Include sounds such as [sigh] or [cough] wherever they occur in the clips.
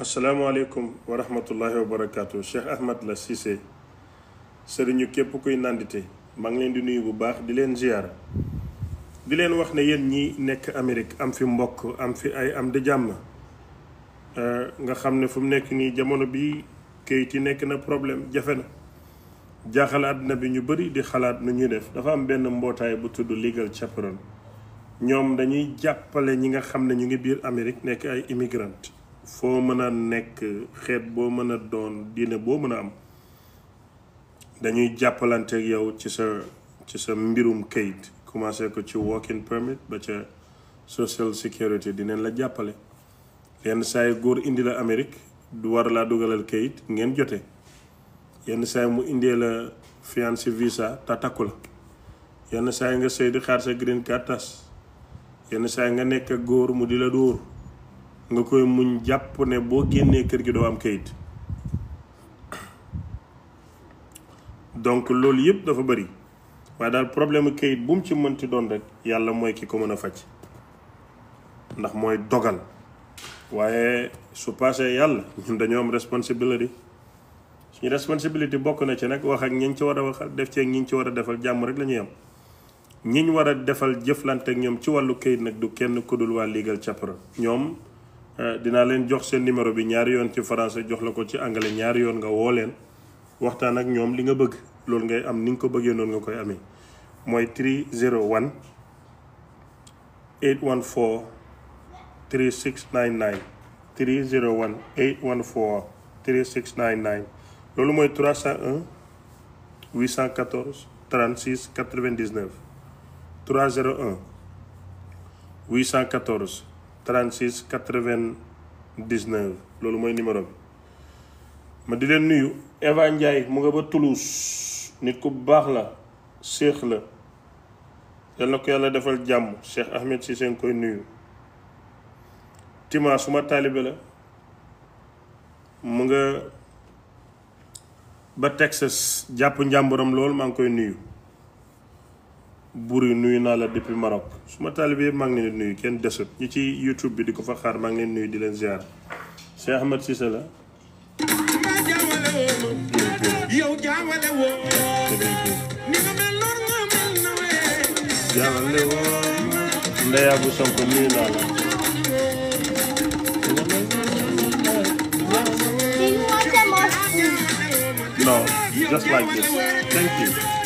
asalaamaaleykum wa rahmatullahi wa barakaatu Cheikh Ahmed la Cissé sëriñu képp kuy nàndite maa ngi leen di nuyu bu baax di leen ziyaara di leen wax ne yéen ñi nekk Amérique am fi mbokk am fi ay am di jàmm eh, nga xam ne fu mu nekk nii jamono bi kayit ci nekk na problème jafe na jaaxal àddina bi ñu bari di xalaat nu ñuy def dafa am benn mbootaay bu tudd Legal Chaperon ñoom dañuy jàppale ñi nga xam ne ñu ngi biir Amérique nekk ay immigrant foo mën a nekk xeet boo mën a doon diine boo mën a am dañuy jàppalanteeg yow ci sa ci sa mbirum kayit commencé ko ci working permit ba ca social security dinañ la jàppale yenn saay góor indi la Amérique du war laa dugalal kayit ngeen jote yenn saay mu indee la fiancé visa ta takku la yenn saay nga sëy di xaar sa green card tas yenn saay nga nekk góor mu di la dóor nga koy muñ jàpp ne boo génnee kër gi doo am kayit donc loolu yëpp dafa bari waaye daal problème kayit bu mu ci mënti doon rek yàlla mooy ki ko mën a faj ndax mooy dogal waaye su paasee yàlla ñun dañoo am responsabilité suñu responsabilité bokk na ci nag wax ak ñi ñu ci war a wax def ci ak ñi ñu ci war a defal jàmm rek la am ñi ñu war a defal jëflante ak ñoom ci wàllu kayit nag du kenn ku dul waa legal chaperon ñoom. Euh, dinaa leen jox seen numéro bi ñaari yoon ci français jox la ko ci anglais ñaari yoon nga woo leen waxtaan ak ñoom li nga bëgg loolu ngay am ni nga ko bëggee noonu nga koy amee mooy 301 814 3699 301 814 3699 loolu mooy 301 814 36 99 301 814 36 99 loolu mooy numéro bi ma di leen nuyu Eva Ndiaye mu nga ba Toulouse nit ku baax la séex la yal na ko yàlla defal jàmm Cheikh Ahmed Cissé nga koy nuyu Tima suma taalibe la mu nga ba Texas jàpp njàmburam loolu maa ngi koy nuyu buri nuyu naa la depuis Maroc su ma taalibe yëpp maa ngi nuyu kenn desut ñi ci YouTube bi di ko fa xaar maa ngi nuyu di leen ziar Cheikh Ahmed Cissé la yow jaawale woo ni nga mel noonu nga mel na wee jaawale woo ndeyaa bu Sonko nuyu naa la no just like this thank you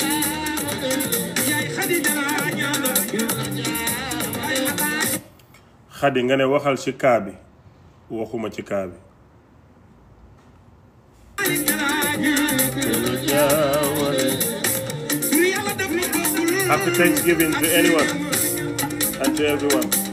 xadi nga ne waxal ci kaa bi waxuma ci kaa bi Thanksgiving to anyone and to everyone.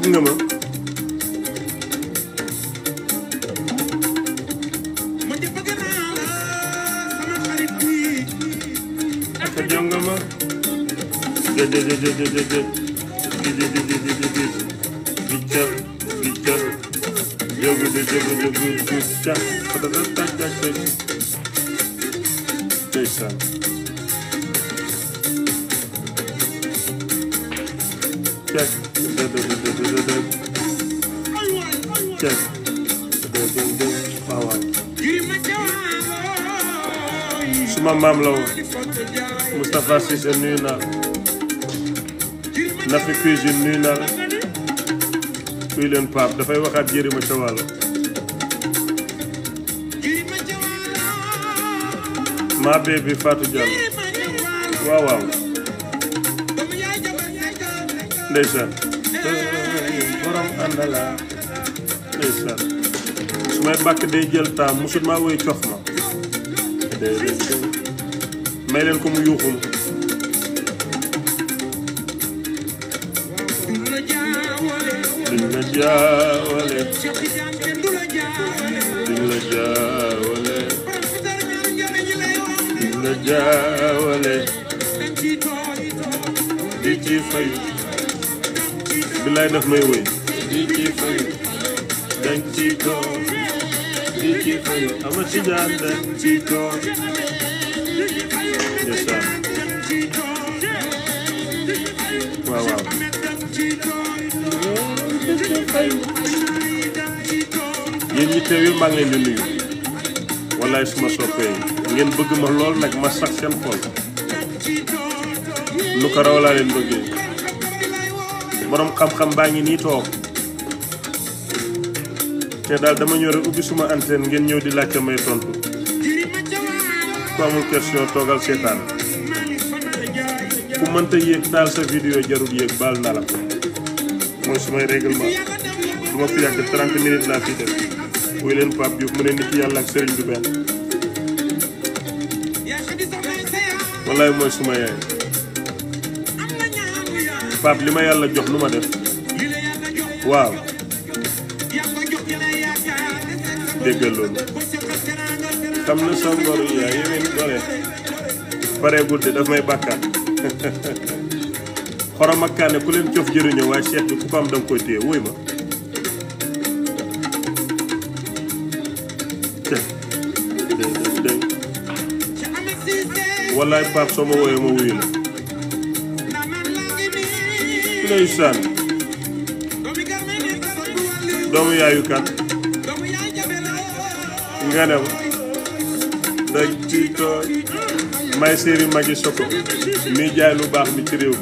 bëgg nga ma Fam la woon Moustapha Cissé nuyu naa Nafi Cuisine nuyu naa kuy leen Pape dafay waxaat jërima ca wàllo ma bébé Fatou Diallo waaw waaw ndeysaan borom àndala ndeysaan su may bàkk day jël temps musut maa woy cof ma may leen ko mu la jaawale duñ la jaawale duñ la jaawale di ci fayu bilaay daf may di ci fayu dañ ci toog di ci fayu ama ci jaan dañ toog fay yéen ñi teew yi maa ngi wallaay suma soppee ngeen bëgg ma lool nag ma sax seen xol lu ko raw laa leen bëggee boroom xam-xam baa ngi nii toog te daal dama ñëw ubbi suma antenne ngeen ñëw di laajte may tontu ku amul question toogal seetaan ku mënta yéeg taal sa vidéo jarul yéeg baal na la mooy sumay règlement ma fi yàgg 30 minutes ak sëriñ bi benn mooy suma yaay li ma yàlla jox lu ma def waaw déggal loolu xam na sa ngor yaa yeween gore pareegul de daf may bàkkaat [laughs] xorom ak kaane ku leen cof jëriñoo waaye seet ku ko am danga koy téye wuy ma wallaay Pape soo ma wooyee ma wuyu la ndeysaan doomu yaay kan nga dem nag ci ko may mi jaay lu baax mi ci réew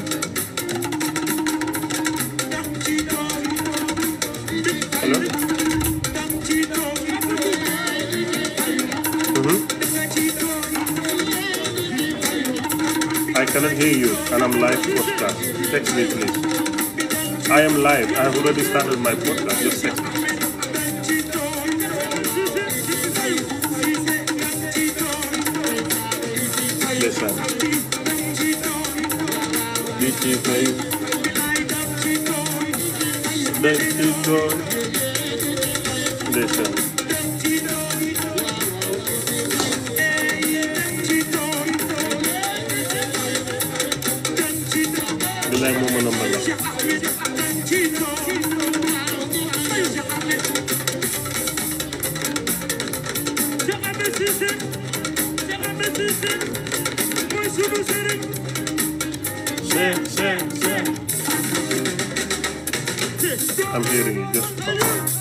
am live podcast. Text me, please. I am live. I have already started my podcast. Just text me. Listen. Bitchy face. Listen. Listen. Abdoulaye moo mën a mbalal. am jëriñ jëf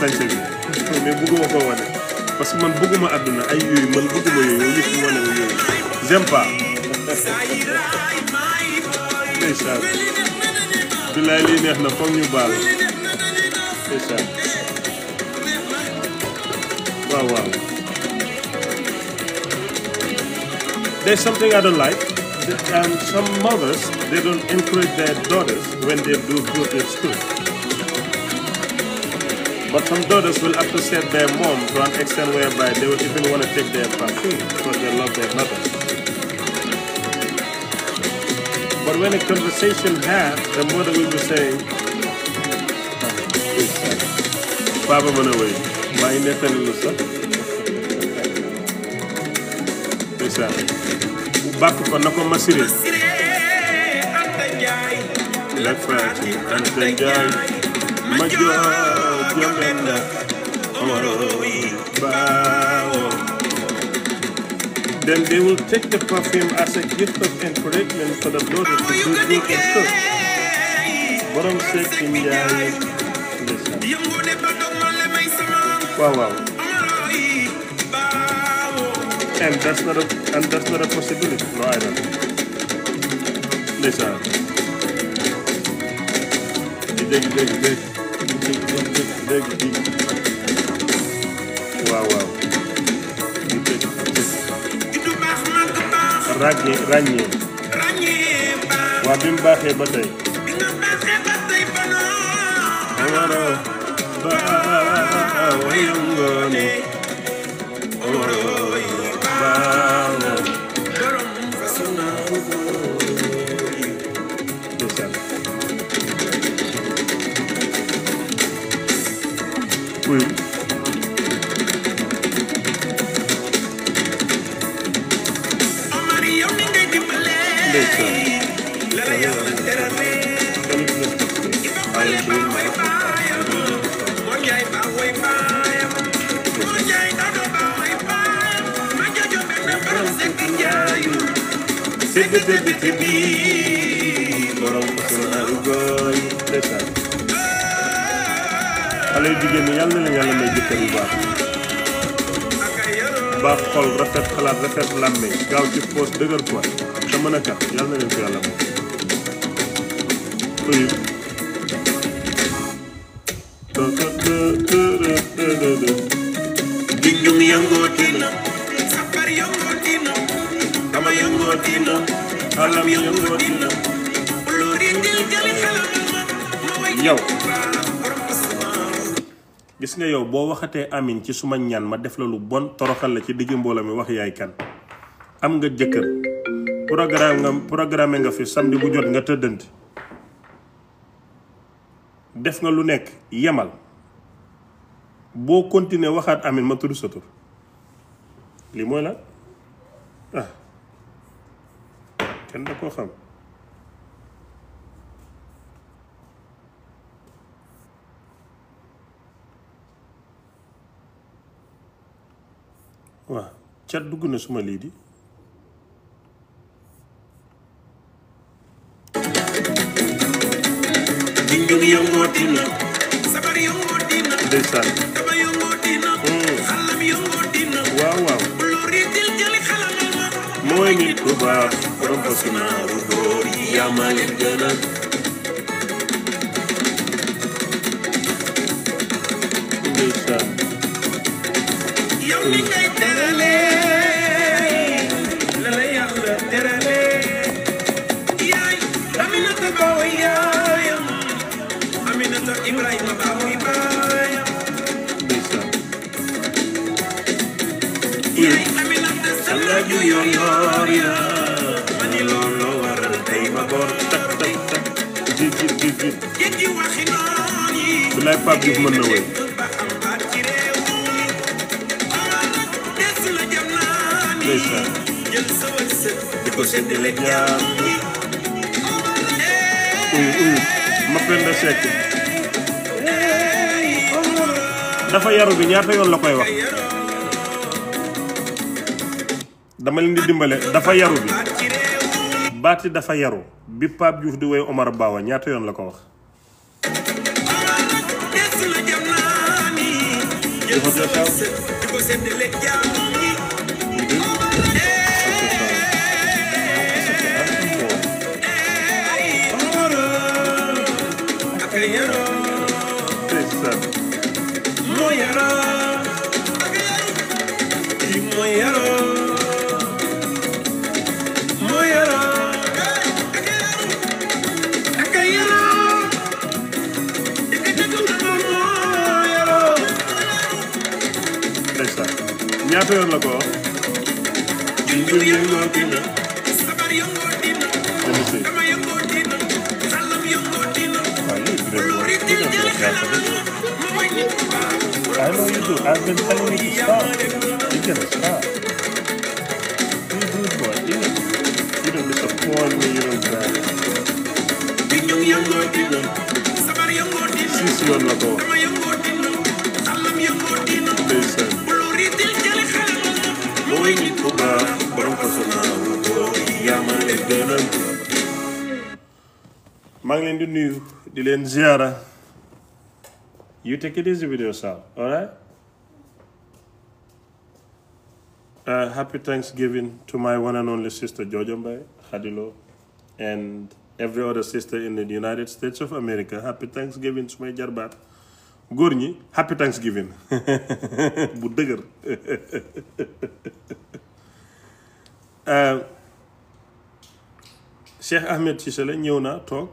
ma bi bëgguma ko wane parce que man bëgguma àdduna ay yooyu man bëgguma yooyu yëpp wane yooyu j'aime pas ndeysaan bilaay lii neex na foog ñu baal ndeysaan waaw there's something I don't like some mothers they don't encourage their daughters when they do good in school But some daughters will appreciate their whereby they will even want to take their perfume because they love their mothers. But when a conversation had, the mother will be saying, Baba Manaway, my nephew Lusa. Lusa. Back ko nako Nyamlenda Omorowi Bao. Then they will take the perfume as a gift of encouragement for the brother to do good and stuff. Borom Seck Ndiaye Wow, wow. And that's not a and that's not a possibility. No, I don't. Listen. Dig, dig, dig. léegi bi waaw waaw ñu tëj ràññee ràññee waaw bi mu baaxee ba tey amara ba wayangoone xol rafet xalaat rafet làmme gaaw ci poos dëgër ko te mën a tax yàlla na leen ko yàlla jum yëngooti na sabar yëngooti na dama yëngooti na xalam yëngooti na yow gis nga yow boo waxatee amin ci suma ñaan ma def la lu bon toroxal la ci digg mbooloo mi wax yaay kan am nga jëkkër programme nga programme nga fi samedi bu jot nga tëddante def nga lu nekk yemal boo continuer waxaat amin ma tudd sa tur lii mooy la ah. kenn da koo xam cat dugg na suma lii di dinjug yëngoo dina sabar yëngoo dina ndeysaan daba yëngoo dina xalam hmm. yëngoo dina waaw waaw loor yi til jëli xalamal ma mooy nit ku baax borom fasu naaru góor yi yaa ma yow mi ngay góor ya ma ni loolu waral tey ma góor tak tak tak jiit mën na wéy ndeysaan jël dafa yaru bi ñaata yoon la koy wax dama leen di dimbale dafa yaru bi yi dafa yaru bi Pape Diouf di woy Omar Bawa ñaata yoon la ko wax ndeysaan ñaata yoon la ko wax mbir mi yëngu naa kii la I know you do. I've been telling you to stop. You gotta stop. You good boy. You don't, you don't disappoint me. You don't cry. Six years ago. maa ngi leen di nuyu di leen ziara you take it easy with yourself all right uh, happy thanksgiving to my one and only sister Jojo Mbaye Khadilo and every other sister in the United States of America happy thanksgiving su may jarbaat góor ñi happy thanksgiving [laughs] bu dëgër [laughs] uh, Cheikh Ahmed Cissé la ñëw na toog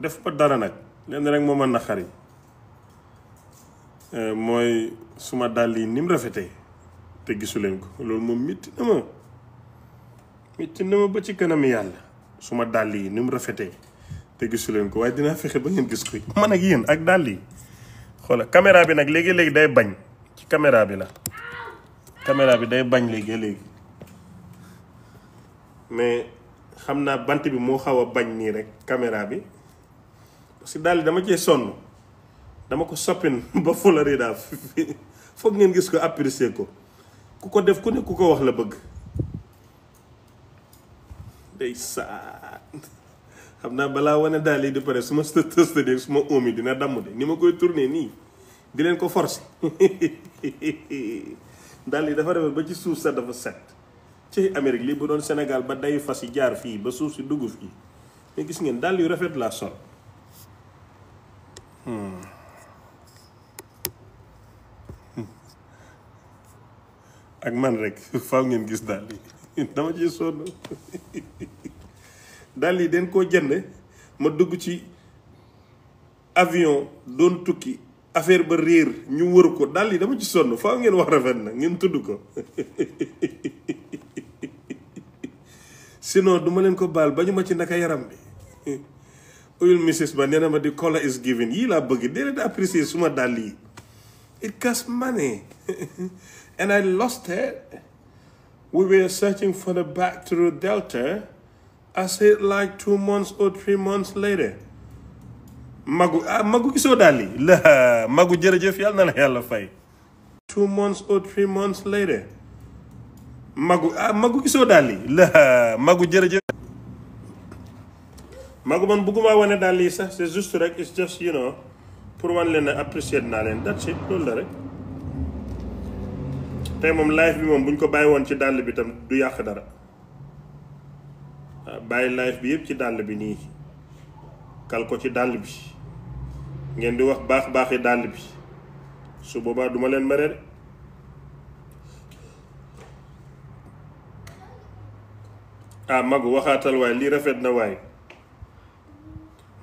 def ba dara nag lenn rek moo mën na xari euh, mooy suma dàll yi ni mu rafetee te gisuleen leen ko loolu moom métti na ma métti na ma ba ci kanam yàlla suma dàll yi ni rafetee te gisu leen ko waaye dinaa fexe ba ngeen gis ko man ak yéen ak dàll yi xoola caméra bi nag léegi-léegi day bañ ci caméra bi la caméra bi day bañ léegi-léegi mais xam naa bant bi moo xaw a bañ nii rek caméra bi parce que daal dama cee sonn dama ko soppin [laughs] ba Florida foog ngeen gis ko apprécier ko ku ko def ku ne ku ko wax la bëgg day saa xam naa balaa wane daal yi di pare su ma [laughs] tëstënee su ma oom dina damm de ni ma koy tourner nii di leen ko forcer [laughs] daal yi dafa rafet ba ci suuf sax dafa set ci Amérique lii bu doon senegal ba dayu fas yi jaar fii ba suuf si dugg fii mais gis ngeen daal yu rafet laa sol Hmm. ak man rek faaw ngeen gis dàll yi [laughs] dama ci sonn [laughs] dàll yi den koo jënd ma dugg ci avion doon tukki affaire ba réer ñu wër ko dàll yi dama ci sonn faaw ngeen wax rafet na ngeen tudd ko [laughs] sinon duma leen ko baal ba ñu ma ci naka yaram bi uyul misis ba nee ma di color is given yii laa bëgg dee leen apprécier suma dàll yi it cost money [laughs] and I lost it we were searching for the bag through Delta I said like two months or three months later magu ah magu gisoo dàll yi la [laughs] magu jërëjëf yàlla na la yàlla fay two months magu ah magu [laughs] maa ko man bëgguma wane daal lii sax c'est juste rek it's just you pour wan leen ne apprécier naa leen that's it loolu la rek tey moom live bi moom buñ ko bàyyi woon ci dàll bi tam du yàq dara ah, bàyyi live bi yëpp ci dàll bi nii kal ko ci dàll bi ngeen di wax baax baaxi dàll bi su boobaa duma leen mere de ah magu waxaatal waay lii rafet na waay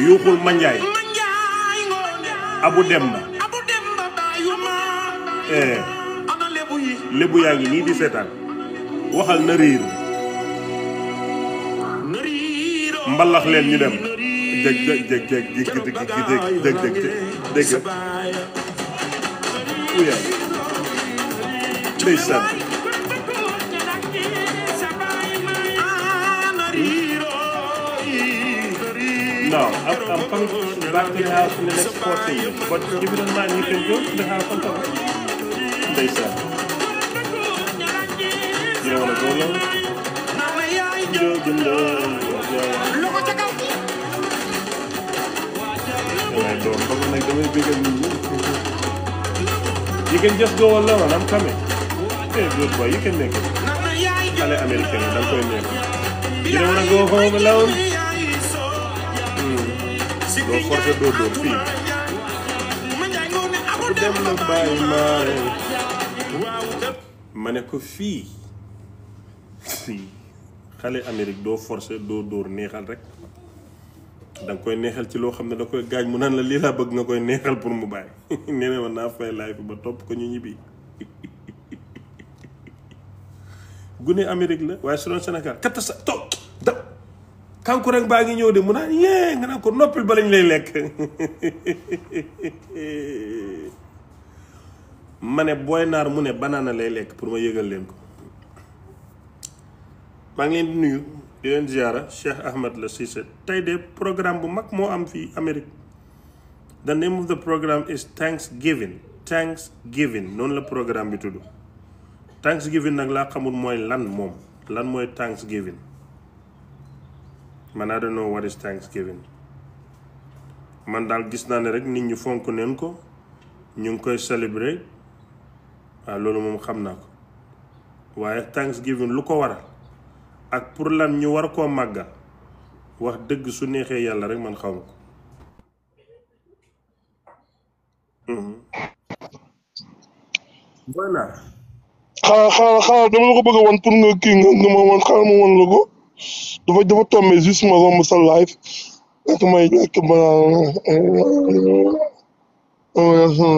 yuuxul manjaay abu demba ee lébu eh. yaa ngi nii di seetaan waxal na riir oh. mbalax ñu dem jeg jeg jeg jeg jeg jeg jeg jeg jeg ndeysaan now. I'm, coming back to the house in the next 14 minutes. But if you don't mind, you can go to the house and talk. They said. You don't want to go long? You don't want to go long. You can just go alone, I'm coming. Hey, good boy, you can make it. I'm American, I'm going to You don't want to go home alone? doo forcé doo dóor fii ku xale Amérique doo forcé doo dóor neexal rek da koy neexal ci loo xam ne da koy gaañ mu naan la lii laa bëgg nga koy neexal pour mu bàyyi nee [laughs] na naa fay live ba topp ko ñu ñibbi [laughs] gune Amérique la waaye su doon Sénégal katasa toog kankurang baa ngi ñëw de mu naan yee nga naan ko noppil ba lañ lay lekk [laughs] ma ne booy naar mu ne banaana lay lekk pour ma yëgal leen ko maa ngi nuyu di leen ziara Cheikh Ahmed la Cissé tey de programme bu mag moo am fii Amérique the name of the programme is Thanksgiving Thanksgiving noonu la programme bi tudd Thanksgiving nag laa xamul mooy lan moom lan mooy Thanksgiving man I don't know what is Thanksgiving man daal gis naa ne rek nit ñu fonk neen ko ñu ngi koy célébrer waaw ah, loolu moom xam naa ko waaye Thanksgiving lu ko waral ak pour lan ñu war koo màggal wax dëgg su neexee yàlla rek man xaw ma ko. xanaa mhm. xanaa dama la ko bëgg a pour nga kii nga nga ma wan ma wan la ko. dafa dafa tombé juste ma romb sa live fekk may lekk banaan dafa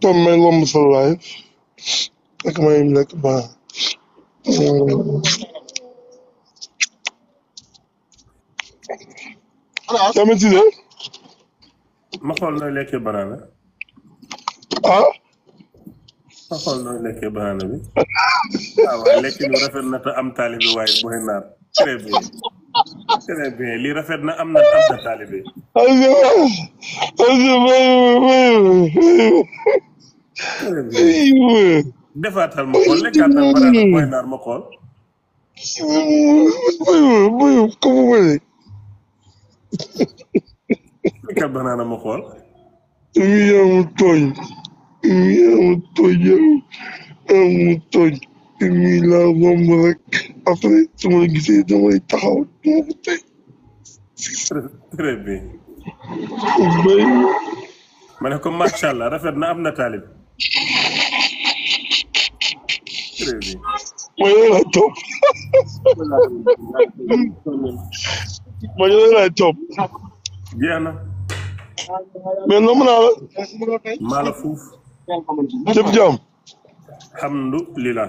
tombé may romb sa live fekk may lekk banaan tamit si de ma xool na lekkee banaan ah nga xool nooy lekkee banaana bi [laughs] waaw waaye lekk bi rafet na te am taalibe waaye mooy naar très bien très bien lii rafet na am na am na taalibe. defaatal ma xool lekkaatal banaana mooy naar ma xool. lekkaat banaana ma xool. mi yaa mu tooñ. ñi amul tooñ yow mi la moom rek après su ma gisee damay taxaw duma ko tey très bien bay ma ne ko macha allah rafet na am na taalib très bien ma yooyu laa topp ma yooyu laa topp jeex na mais noonu naa la maa la cëpp jàmm. alhamdulilah.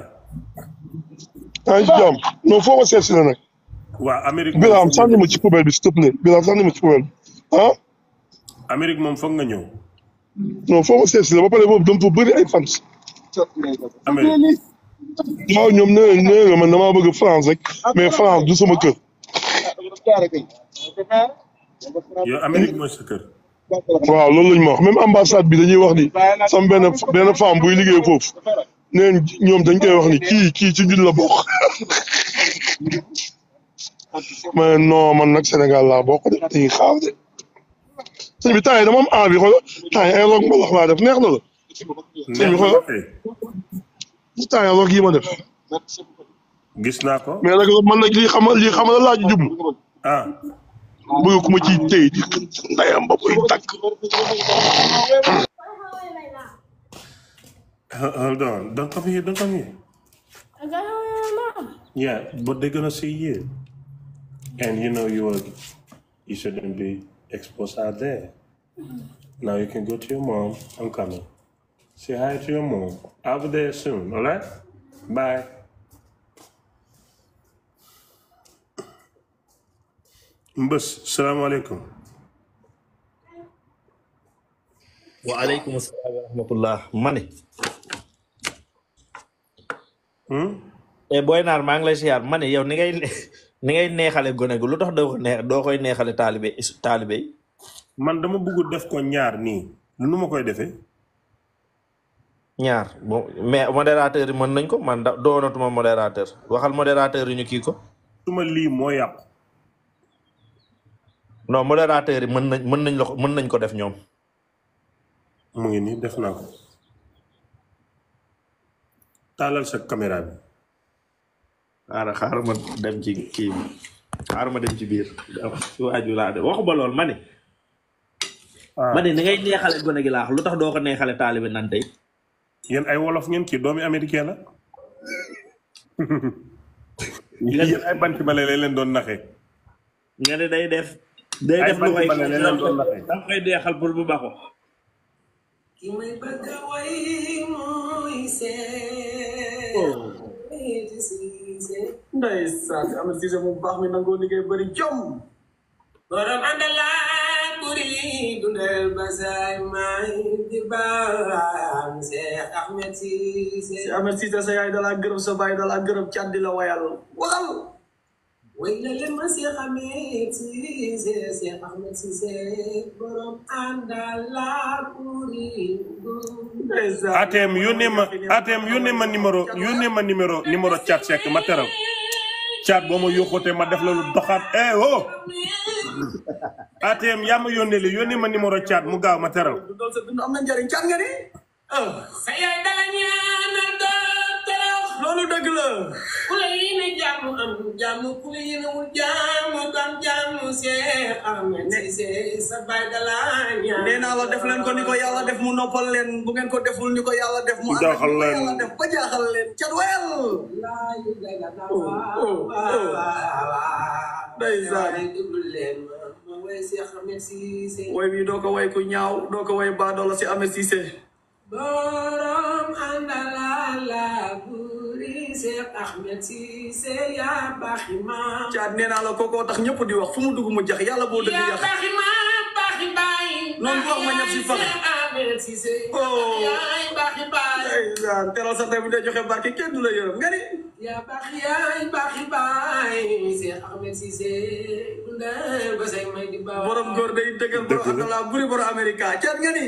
maa ngi ci jàmm non foo ma seet la nag. waa Amérique Birame ma ci poubelle bi s'il te ma ci poubelle bi ah. moom foog nga ñëw. non foo ma seet si la ba pare boobu dama fa bëri ay fans. Amérique. ñoom nee nañ nee nañ bëgg France rek mais France du sama kër. waaw loolu lañ ma wax même ambassade bi dañuy wax ni sam benn benn femme buy liggéey foofu neen ñoom dañ koy wax ni kii kii ci ñun la bokk [laughs] mais non man nag Sénégal laa bokk de dañuy xaar de sëñ bi temps yi dama am envie xool temps yi ay roog ma wax def neex na la sëñ bi xool temps roog yi ma def gis naa ko mais nag man nag lii xama lii xama la laaj jum bëgg ku ma ciy téye di ndayam ba buy tàkk. hold on don't come here don't come here. yeah but they're gonna see you. and you know you are you shouldn't be exposed there. now you can go to your mom I'm coming. say hi to your mom I'll be there soon all mbës salaamaaleykum. waaleykum salaam wa rahmatullah mani. Hmm? Eh, booy naar maa ngi lay siyaar mani yow ni ngay [laughs] ni ngay neexale gone gu lu tax doo doo koy neexale taalibe taalibe yi man dama bëgg def ko ñaar nii nu ma koy defee. ñaar bon mais modérateur yi mën nañ ko man da doonatuma modérateur waxal modérateur yi ñu kii suma lii moo yàqu. non modérateur yi mën nañ mën nañ la ko mën nañ ko def ñoom. mu ngi nii def naa ko. taalal sa caméra bi. xaaral ma dem ci kii bi ma dem ci biir su waaju laa de waxu ba lool ma ne. Ah. ne ngay neexale gone gi laax lu tax doo ko neexale taalibe nan tey. yéen ay wolof ngeen kii doomi américain la. [laughs] yéen ay bant ma leen doon naxee. nga ne day def. day def lu koy da koy deexal pour bu baaxoo. ki may bëgg a way mooy seet. Oh. ndeysaan Ameth Cissé mu baax mi nangoo liggéey bëri jom. borom àndala buri dundal basaay maay di baam Cheikh Ahmed Cissé. Cheikh Ahmed Cissé sa yaay dalaa gërëm sa baay dalaa gërëm cat di la wayal waxal. way la leen ma si xamee Cissé yónnee ma atem yónnee ma numéro yónnee ma numéro ma teral chat boo ma yokkutee ma def la lu doxaat eh oh atem yaa ma yónnee li yónnee ma numéro chat mu gaaw ma teral. loolu dëgg la. ku la yéene jàmm am jàmm ku la yéenewul jàmm am jàmm see am sa bay dala ñaan. nee la def leen ko ni ko yàlla def mu noppal leen bu ngeen ko deful ni ko yàlla def. mu jaaxal leen mu def ba jaaxal leen ca wel. ndeysaan. way bi doo ko way ku ñaaw doo ko way baa doo la si amee Cissé. borom àndalaala buri Seex Ahmed Cissé yaa baaxi maam. caat nee naa la kookoo tax ñëpp di wax fu mu dugg mu jax yàlla boo dëgg yàq. yaa baaxi maam baaxi baay. noonu wax ma ñëpp si fan. Oh. la yërëm nga ni. yaa baaxi buri borom Amérique caat nga ni.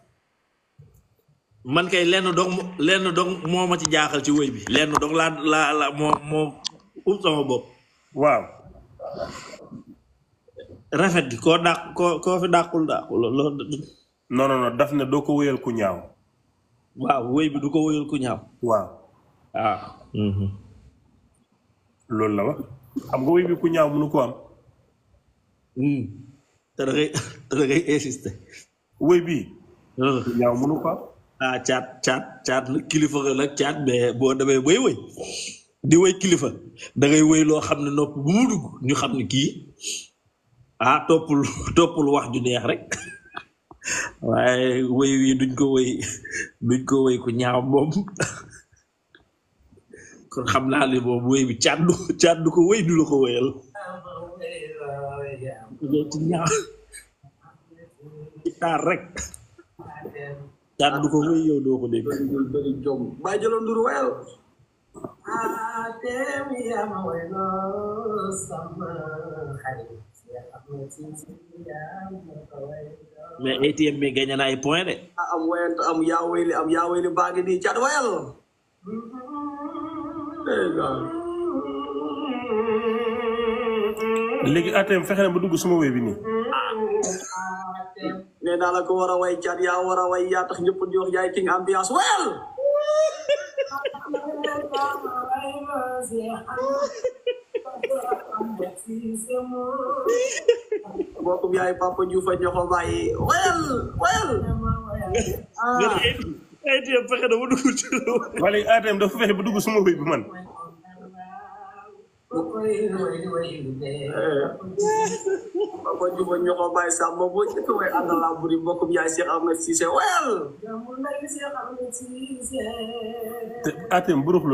man kay lenn dong lenn dong moo ci jaaxal ci wéy bi lenn don laa laa la moo moo ub sama bopp waaw rafet gi koo dàq koo koo fi dàqul dàqul loolu non non non daf ne doo ko wéyal ku ñaaw waaw wéy bi du ko wéyal ku ñaaw waaw waaw ah. mm-hmm. loolu la wax xam nga wéy bi ku ñaaw mënu ko am mm. te da [laughs] te da ngay insister wéy bi ah. ku ñaaw mënu ko am ah caat caat caat kilifa nga nag caat mais boo demee bay wëy di wëy kilifa dangay ngay loo xam ne nopp bu mu dugg ñu xam ne kii ah toppul [laughs] toppul wax ju neex rek [laughs] waaye wëy wi duñ ko wëy [laughs] duñ ko wëy ku ñaaw moom kon xam naa ne moom wëy caat du caat du ko wëy du la ko wëyal taar rek caat du ko wéy doo ko dégg. bàyyi jëloon duru mais ATM bi gagné na point de. Ah, am wayant am yaa wayli am yaa wayli baa léegi ATM fexe na ba dugg suma wéy nii. Ah. nee naa la ko war a way cat yaa war a way yaa tax ñëpp di wax yaay king ambiance wel mbokkum yaay papa Diouf a ñoo ko bàyyi wel wel ah. nga ne ATM fexe na ba dugg ci. wala ATM dafa fexe ba dugg suma wéy bi man. ko juba ñu ko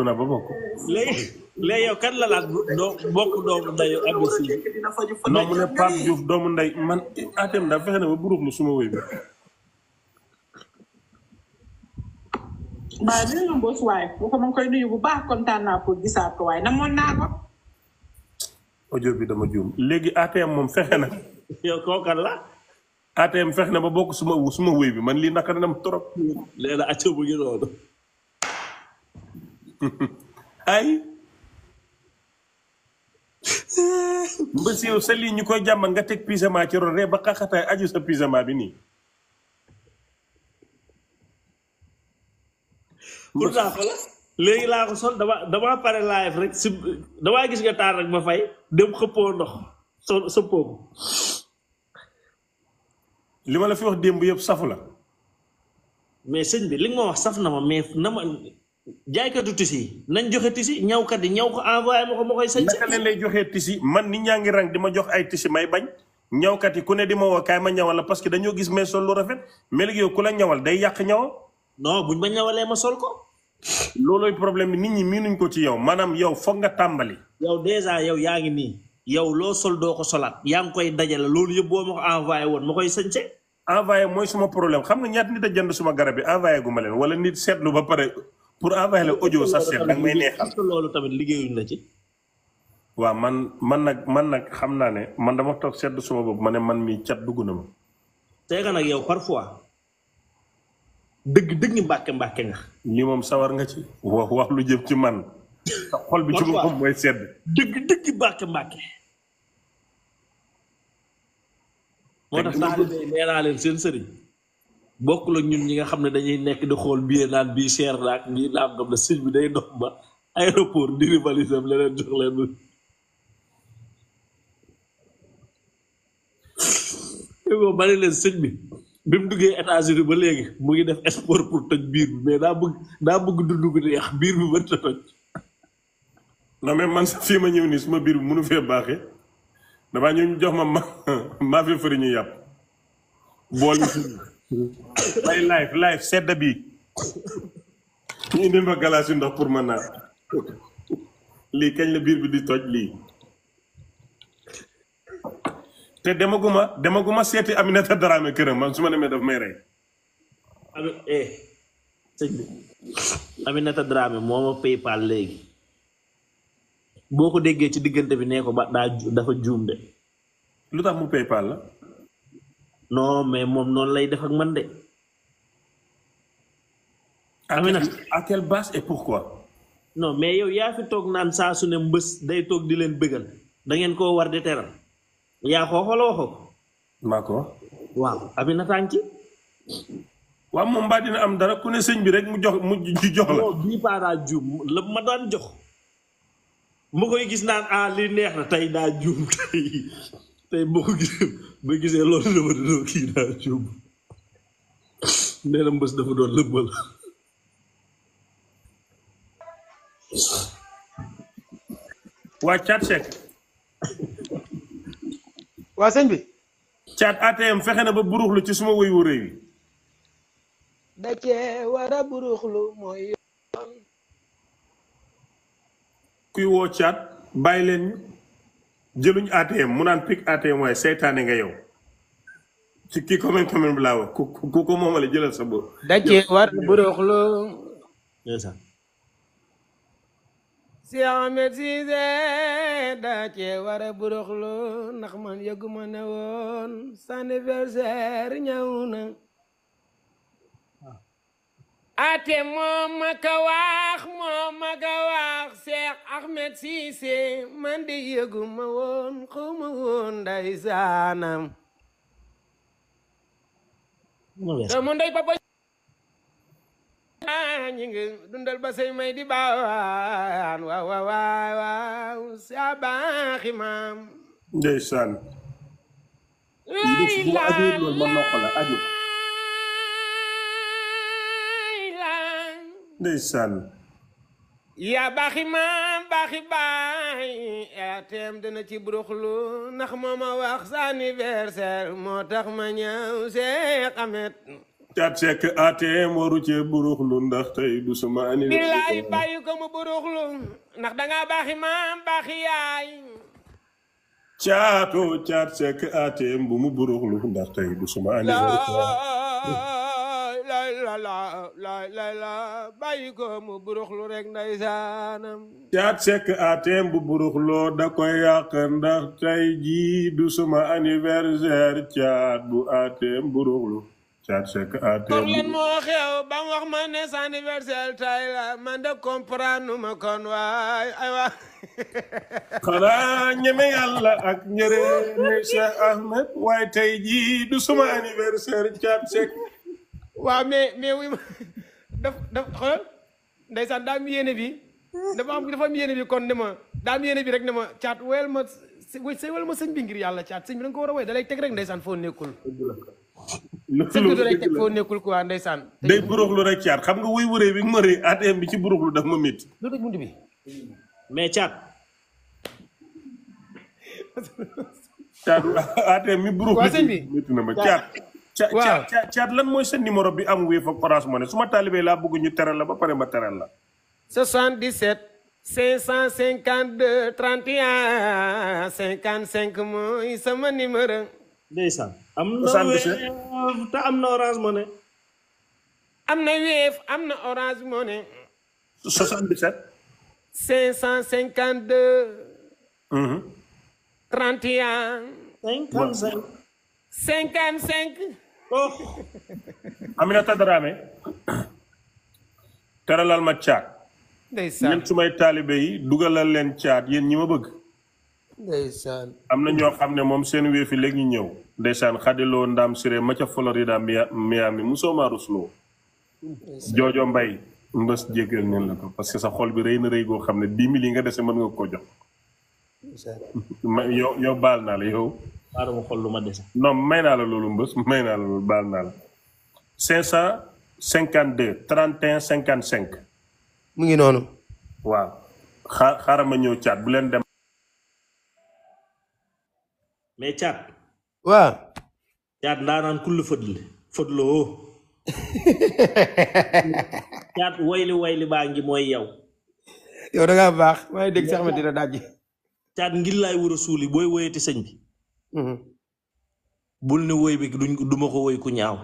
na ba bokk léegi léegi yow kan la bokk doomu ndeyu Abdou Cissé mu ne Pape Diouf fexe na ba buruxlu suma wéy bi waaye dina la waaye boo ko ma ngi koy nuyu bu baax kontaan naa ko gisaat ko waaye namoon naa ko audio bi dama juum léegi ATM moom fexe na. yow kookan la. ATM fex na ba bokk suma suma wéy bi man lii naka na ma trop. léegi nag acca bu ñu noonu. [laughs] ay. mbës yow sa lii ñu koy jàmmal nga teg pisement ci ron rek ba xaxataay aju sa pisement bi nii. pourtant léegi laa ko sol dama damaa pare live rek si damaa gis nga taar rek ma fay dem xëppoo ndox so sëppoo ko li ma la fi wax démb yëpp safu la mais sëñ bi li nga ma wax saf na ma mais na ma jaaykatu tisi yi nañ joxe tisi ñawkat yi ñaw ko envoyé ma ko ma koy sëñ naka leen lay joxee tisi man nit ñaa ngi rang di ma jox ay tisi may bañ ñawkat yi ku ne di ma woo kaay ma ñawal la parce que dañoo gis mais sol lu rafet mais léegi yow ku la ñawal day yàq ñawam non buñ ma ñawalee ma sol ko loolooy problème bi nit ñi nuñ ko ci yow maanaam yow foog nga tàmbali. yow dèjà yow yaa ngi nii. yow loo sol doo ko solaat. yaa ngi koy dajale loolu yëpp boo envoyé woon ma koy sëñce. envoyé mooy suma problème xam nga ñaata nit suma garab yi envoyé gu wala nit seetlu ba pare pour envoyé audio sa seet nag may neexal. loolu tamit liggéeyuñ la ci. waaw man man nag man nag xam naa ne man dama toog seetlu suma boobu ma ne man mii cat dugg na ma. tey nag yow parfois. dëgg dëgg mbàkke mbàkke nga. lii moom sawar nga ci. wax wax lu jëm ci man. xol bi ci boppam mooy sedd. dëgg dëgg mbàkke mbàkke. moo tax nee naa leen seen sëriñ. bokkul ak ñun ñi nga xam ne dañuy nekk di xool billet naan bii cher naag bii naam gam la sëñ bi day dox ba aéroport di rivalisam leneen jox leen. bi ma ne leen sëñ bi. bi mu duggee États-Unis ba léegi mu ngi def sport pour toj biir bi mais daa bëgg daa bëgg dund ko neex biir bi mën ta toj. non mais man fii ma ñëw nii suma biir mënu fee baaxee damaa ñëw ñu jox ma ma maa ñu yàpp. life life sedd bi ñu indil ma galaas yu ndox pour ma naan lii kañ la biir bi di toj lii. te demaguma demaguma seeti Aminata Darame këram man suma ma demee daf may rey. ami eh sëñ bi Aminata paypal léegi boo ko déggee ci diggante bi nee ko ba daa dafa juum de. lu tax mu paypal la. non mais moom noonu lay def ak man de. Aminata à quelle base et pourquoi. non mais yow yaa fi toog naan saa su ne mbës day toog di leen bëggal da ngeen koo war di teral. yaa ko xooloo ko. maa ko. waaw Amina Tanki. waaw moom mbaa dina am dara ku ne sëñ bi rek mu jox mu jox la. bii paa juum la ma daan jox. ma koy gis naan ah li neex na tey daa juum [laughs] tey tey boo ko gisee ba gisee loolu dama doon kii daa juum nee mbës dafa doon lëbbal. waa Thiat Seck. waa sëñ bi. caat ATM fexe na ba buruxlu ci suma wuyu réew yi. da war a buruxlu mooy yoon. kuy woo caat bàyyi leen jëluñ ATM mu naan picc ATM waaye seytaane nga yow. ci kii commune commune bi laa wax ku ku ko moomale jëlal sa bopp. da war a buruxlu. si Ahmed Cissé daa cee war a buruxlu ndax man yëguma ne woon anniversaire ñëw na ah. ate moo ma ka waax moo ma ka waax Cheikh Ahmed Cissé man di yëguma woon xawma woon ndey saanam sama ndey papa ñi ngi dundal ba sey may di baawaan waaw waaw waaw sa baaxi maam ndeysaan ndeysaan yaa baaxi maam baaxi baay yaa teem dana ci buruxlu ndax moo ma wax sa anniversaire moo tax ma ñëw Seex Amet caat sekk ATM waru cee buruxlu ndax tey du sama anniversaire ko mu buruxlu ndax dangaa baaxi maam baaxi yaay caat sekk caat sekk atem bu buruxloo da koy yàq ndax tey jii du anniversaire caat bu atem buruxlu Thiat Seck ATM kon moo xew ba wax ma ne sa anniversaire tay la man de comprendre nu ma kon waay ay wa xanaa ñeme yàlla ak ñëre ne Ahmed waaye tey jii du suma anniversaire Thiat Seck waaw mais mais wi ma daf daf am yéene bi dafa am dafa bi kon ne ma daa am yéene bi rek ne ma Thiat wéyal ma wéy wéyal ma sëñ bi yàlla Thiat sëñ bi nga ko war a wéy da lay teg rek ndeysaan foo loolu la teg foo nekkul quoi ndeysaan. day buruxlu rek caat xam nga wuy wëree bi ma mëree ATM bi ci buruxlu daf ma métti. lu mais caat. caatu ATM mi buruxlu. waaw bi métti na ma caat. waaw caat lan mooy sa numéro bi am Wave ak Orange Money su ma taalibee laa bëgg ñu teral la ba pare ma teral la. 77. 552 31 55 mooy sama numéro. ndeysaan am na Wave te am na Orange Money. am na am na Orange Money. 77. 552. 31. 55. 55. oh. Aminata Dramé. teralal ma caat. ndeysaan ñun su may taalibe yi dugalal leen caat yéen ñi ma bëgg. am na ñoo xam ne moom seen wéefi léegi ñu ñëw ndeysaan xadiloo ndaam siré ma ca Florida Miami musoo maa rusloo joojo mbay mbës jéggal neen la parce que sa xol bi rëy na rëy goo xam ne dix mille yi nga dese mën ko jox yow naa la yow baal xol lu ma dese may naa la loolu mbës may naa la loolu baal naa la cinq cent cinquante deux trente et cinquante cinq mu ngi noonu waaw xaa xaaral ma ñëw caat bu leen dem mais caat. waaw. caat ndaanaan kullu fëdle fëdle woo. caat [laughs] wayli wayli baa ngi mooy yow. yow da baax maa ngi dégg sax ma dina daj. caat ngir laay war a suuli booy woyati sëñ bi. Mm-hmm. bul ne woy bi du ma ko woy ku ñaaw.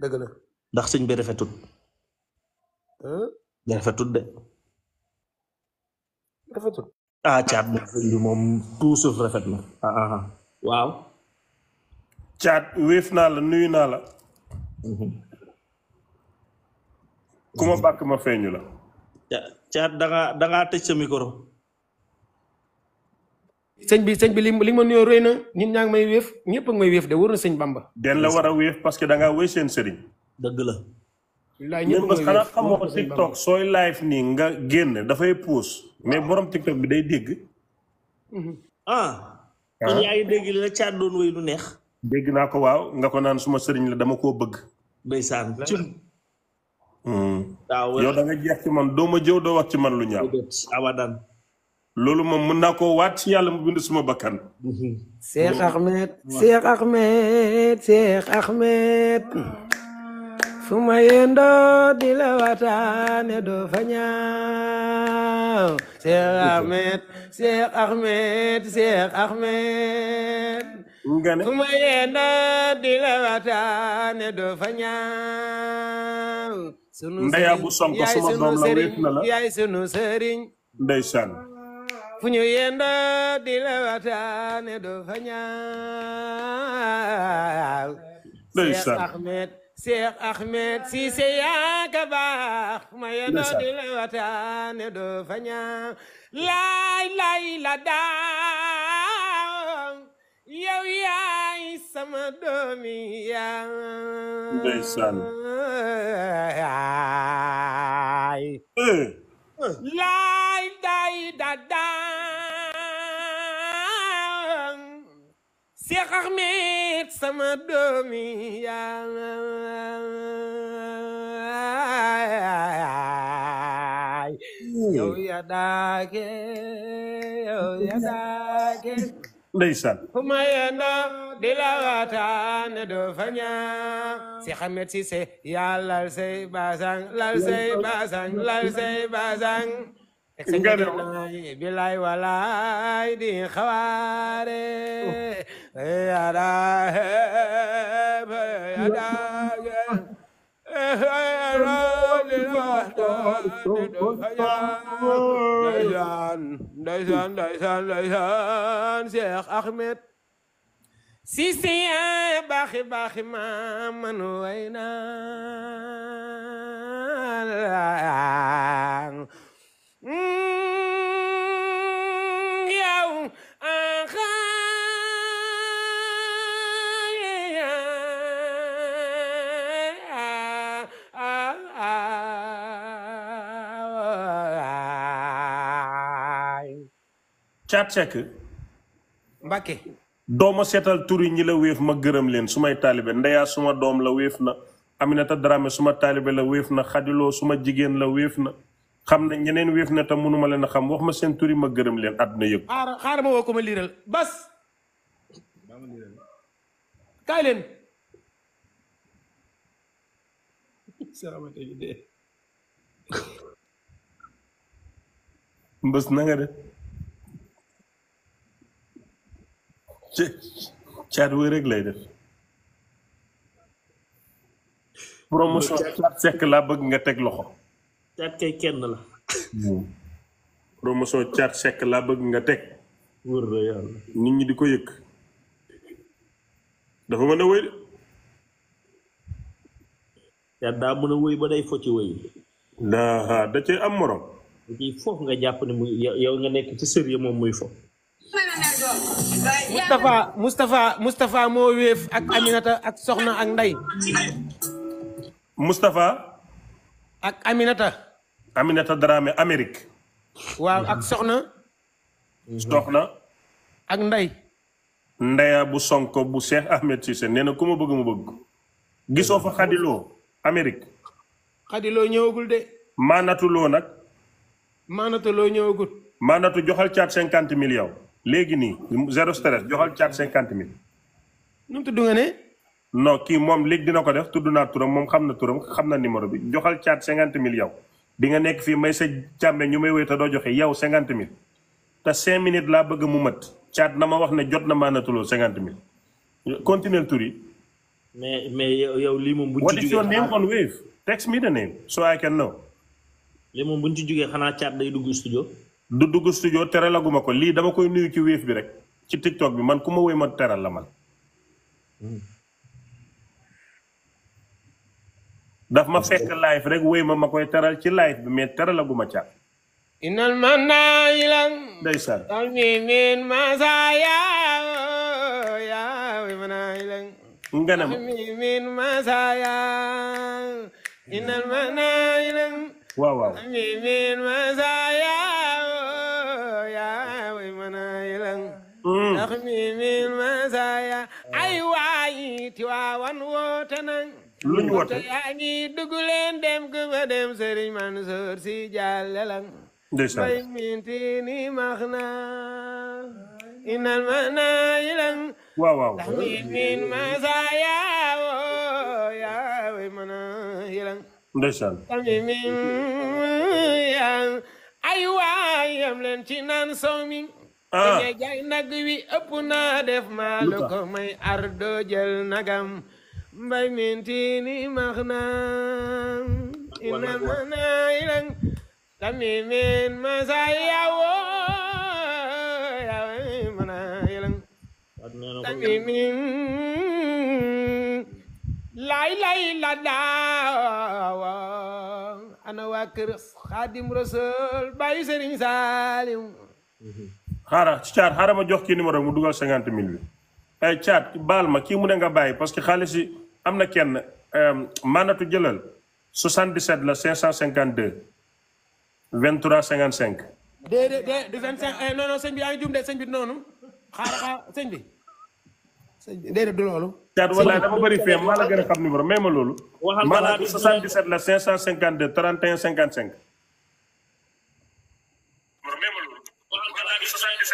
dëgg la ndax sëñ bi rafetut. rafetut de. rafetut. ah caat moom sëñ bi moom naa la nuyu naa la mhm. ku ma bàkk ma feeñu la caat dangaa dangaa tëj sa micro sëñ bi sëñ bi li li ma nuyoo rëy na ñun ñaa may wéef ñëpp a wéef de wóor na sëñ Bamba den la war a wéef parce que danga wéy seen sëriñ dëgg la même parce que xanaa xamoo TikTok sooy live nii nga génn dafay pousse mais borom TikTok bi day dégg. Mm-hmm. Ah. Ah. yaa ngi dégg la lu neex. dégg naa ko waaw nga ko naan suma sëriñ la dama koo bëgg. ndeysaan waaw hmm. yow da nga ci man doo ma jëw doo wax ci man lu ñaaw. abadan loolu moom mën naa koo waat ci yàlla mu bind suma bakkan. Mm-hmm. fu ma yendoo di la wataane doo fa ñaaw Cheikh Ahmed Cheikh Ahmed Cheikh Ahmed fu ma yendoo di la wataane doo fa ñaaw sunu ndeya bu sonko suma doom la wéet na la yaay sunu sëriñ ndeysaan fu ñu yendoo di la wataane doo fa ñaaw ndeysaan Cheikh Ahmed Cheikh Ahmed Cissé yaa ka baax maye doo di la wataane doo fa ñaaw laay laay la daaw yow sama doomi yaay ndeysaan eh, eh. laay day da Ahmed sama doomi yaay yow ya daake yow ya daake ndeysaan fu ma yendo di la waxtaane doo fa ñaaw si xamet si se yaa lal say basang lal say basang lal say basang nga ne bilaay bilaay walaay di xawaare yada yada ndeysaan baaxi baaxi ma Mm, yow Thiat Seck Mbacké seetal tur yi ñi la wéef ma gërëm leen su may taalibe ndeyaa suma doom la wéef na Aminata Dramé suma taalibe la wéef na xadiloo suma jigéen la wéef na xam na ñeneen wéef na tam mënuma leen xam wax ma seen turi ma gërëm leen àdduna yëpp. xaaral xaaral ma woo ko ma liiral bas. kaay leen. mbës na nga caat wër lay def. promotion sekk laa bëgg nga teg loxo. caat kay kenn la. Hmm. promotion caat sekk laa bëgg nga teg. nit ñi di ko yëg. dafa mën a wéy de. caat daa mën a wéy ba day focc wéy. daa da am morom. da ciy nga jàpp ne muy yow nga nekk ci sër moom muy foof. Moustapha Moustapha moo wéef ak Aminata ak Soxna ak Ndey Moustapha. ak Aminata. Aminata Dramé Amérique. waaw ak Soxna. Soxna. ak Ndey. Ndeya bu Sonko bu Cheikh Ahmed Cissé nee na ku ma bëgg mu bëgg. gisoo fa xadiloo Amérique. xadiloo ñëwagul de. maanatuloo nag. maanatuloo ñëwagul. maanatu joxal caat cinquante mille yow. léegi nii zéro stress joxal caat cinquante mille. nu mu tudd nga ne. non kii moom léegi dina ko def tudd naa turam moom xam na turam xam na numéro bi joxal caat cinquante mille yow. bi nga nekk fii may sa càmme ñu may wéy te doo joxe yow cinquante mille te cinq minutes laa bëgg mu mat caat na ma wax ne jot na maanatuloo cinquante mille continuer tur yi. mais mais yow lii moom. bu ñu ci jugee on wave text me the so I moom bu ci jugee xanaa caat day dugg studio. du dugg studio teralaguma ko lii dama koy nuyu ci wave bi rek ci tiktok bi man ku ma woy ma teral la man. Hmm. daf ma fekk live rek wéy ma ma koy teral ci live bi mais teralaguma ca inal man naa ilan ndeysaan min masa yaa yaa wéy ma naa ilan nga ne ma min yaa inal man naa ilan waaw yaa yaa ma naa ilan mm. min yaa ay waay ti lu ñu woote yaa ngi dugg leen dem ku fa dem Serigne Mansour si jàlle la ndeysaan bay minti ni max na inal ma naa yilan waaw waaw ndax min min masa yaawo yaawe mana yilan ndeysaan tamit min yaa ay waayam leen ci naan sow mi ah jaay nag wi ëpp naa def maa lu ko may ardo jël nagam mbay mintini max naan ina mana ilang lami min masa yawo yawe mana ilang lami min lay lay la daawa ana waa kër xaadim rasul bàyyi sëriñ saalim mhm. xaara ci caar xaara ma jox kii numéro mu dugal cinquante mille bi caat eh, baal ma kii mu ne nga bàyyi parce que xaalis yi am na kenn eh, maanatu jëlal 77 la 552 23 55. déedéet déedéet du 25 eh, non non sëñ bi yaa ngi juum de sëñ bi noonu xaaral xaaral sëñ loolu. caat walaay dafa bëri fee maa la gën a xam numéro may ma loolu. waxal maanaam 77 la 552 31 55.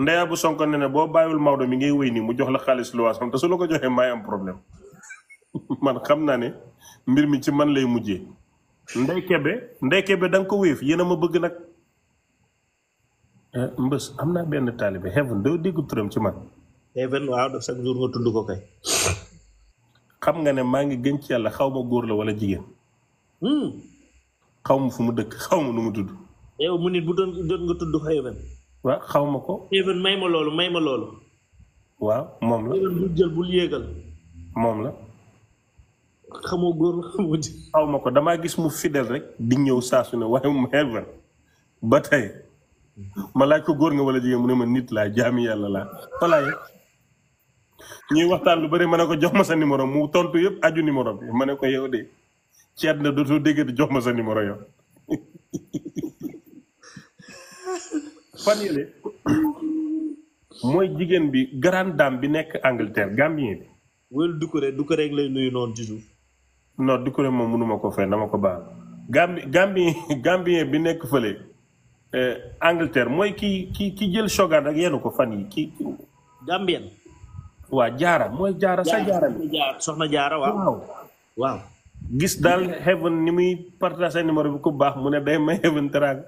ndeya bu Sonko ne ne boo bàyyiwul Maodo mi ngay wéy nii mu jox la xaalis lu waasam te su ko joxee may am [laughs] xam naa ne mbir mi ci man lay mujjee Ndeye Kebe Ndeye Kebe da nga ko wéef yéen a ma bëgg nag eh, mbës am naa benn taalibe Heaven doo turam ci man Heaven waaw daf tudd ko kay xam nga ne maa ngi gën ci yàlla xaw ma góor la wala jigéen hmm. xaw ma fu mu dëkk xaw ma nu mu tudd yow mu nit bu doon doon nga tudd Heaven waaw xaw ma ko. Even may ma loolu may ma loolu. waaw moom la jël bul yéegal. moom la. xamoo góor xamoo ma ko damaa gis mu fidèle rek di ñëw saa su ne waaye mu Even ba tey ma laaj ko góor nga wala jigéen mu ne ma nit laa jaami yàlla laa walaay. ñuy waxtaan lu bari ma ne ko jox ma sa numéro mu tontu yëpp aju numéro bi ma ne ko yow de ceet na dootoo dégg jox ma sa numéro yow. [laughs] fan yële mooy jigéen bi grand dam bi nekk Angleterre Gambien bi. wala Doucouré Doucouré rek lay noonu ci suuf. non Doucouré moom mënuma ko fay dama ko baal. Gambi Gambien Gambien bi nekk fële eh, Angleterre mooy ki ki ki jël sogaan yenu ko fan yi ki. waa jaara mooy jaara sa jaara soxna jaara waaw gis daal Heaven ni muy partager numéro bi ku baax mu ne day may Heaven teraanga.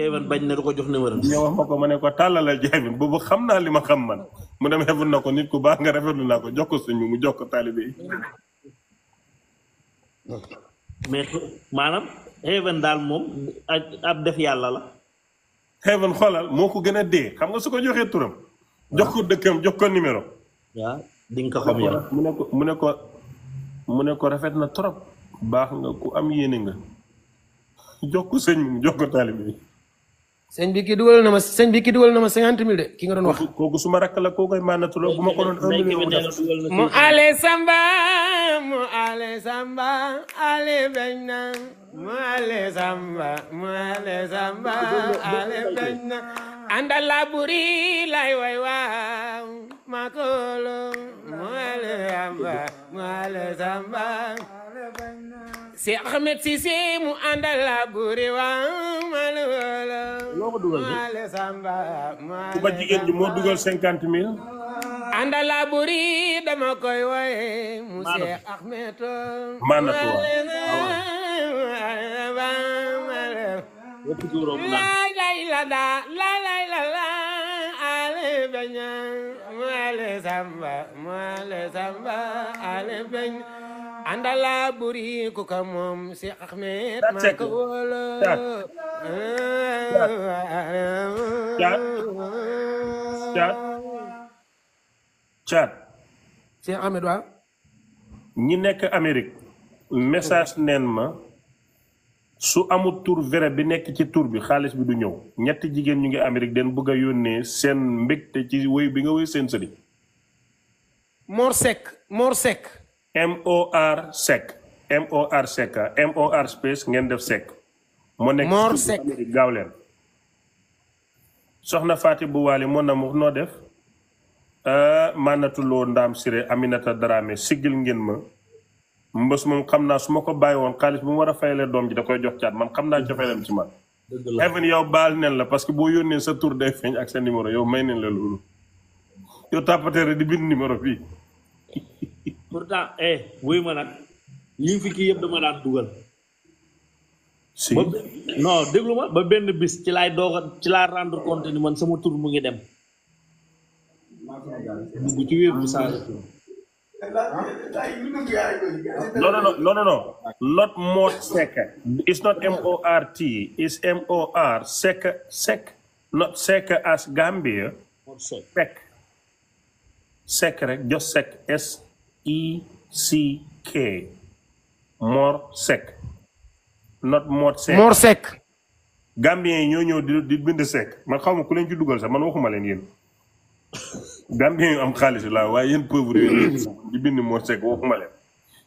Evan bañ na du ko jox numéro bi. ñëw wax ma ko ma ne ko tàllalal jaay bi boobu xam naa li ma xam man mu dem xeful na ko nit ku baax nga rafetlu naa ko jox ko suñ mu jox ko taalibe maanaam Evan daal moom ab moo ko gën a dee xam nga su ko joxee turam. jox ko dëkkam jox ko numéro. waaw di ko xam mu ne mu ne ko mu ne ko rafet na trop. baax nga ku am yéene nga jox ko sëñ bi jox ko taalibe sëñ bi ki dugal na ma sëñ bi ki dugal na ma cinquante mille de wax. kooku suma kooku ay maanatu la bu mu ale samba ale samba andala buri lay way waaw makolo mu ale samba si Ahmed Cissé mu àndal la buri waa. ku ba jigéen ji moo dugal cinquante mille. àndal la buri dama koy woye. mu Cheikh Ahmed. maanaam waaw. andala buri ku ka moom si Ahmed ah. nekk Amérique message neen ma su amul tur vrai bi nekk ci tur bi xaalis bi du ñëw ñetti jigéen ñu ngi Amérique den bëgg a yónnee seen mbégte ci woy bi nga woy seen sëriñ Mor Seck Mor Seck MOR sec MOR sec ah. MOR space ngeen def sec. moo nekk Mor sec gaaw leen. soxna Faati bu waali moo na mu noo def. Ah, maanatuloo ndaam sire Aminata Darame siggil ngeen ma. mbës moom xam naa su ma ko bàyyi woon xaalis bu mu war a fayalee doom ji da koy jox caat man xam naa cofeelam ci man. even yow baal neen la parce que boo yónnee sa tur day feeñ ak sa numéro yow may neen la loolu. yow tàppateere di bind numéro fii. pourtant eh wuy ma nag li fi kii yëpp dama daan dugal. si déglu ma ba benn bis ci laay doog ci laa rendre compte ni man sama tur mu ngi dem. dugg ci wér bu saa non non non non non not more sec it's not M O R T it's M O R sec sec not as Gambia sec sec rek just sec S. ECK Mor Seck. not Mor Seck Mor Seck. Gambien yi ñoo ñëw di di bind Seck man xaw ma ku leen ci dugal sax man waxuma leen yéen. Gambien yu am xaalis la waaye yéen pauvre yooyu di bind Mor Seck waxuma leen.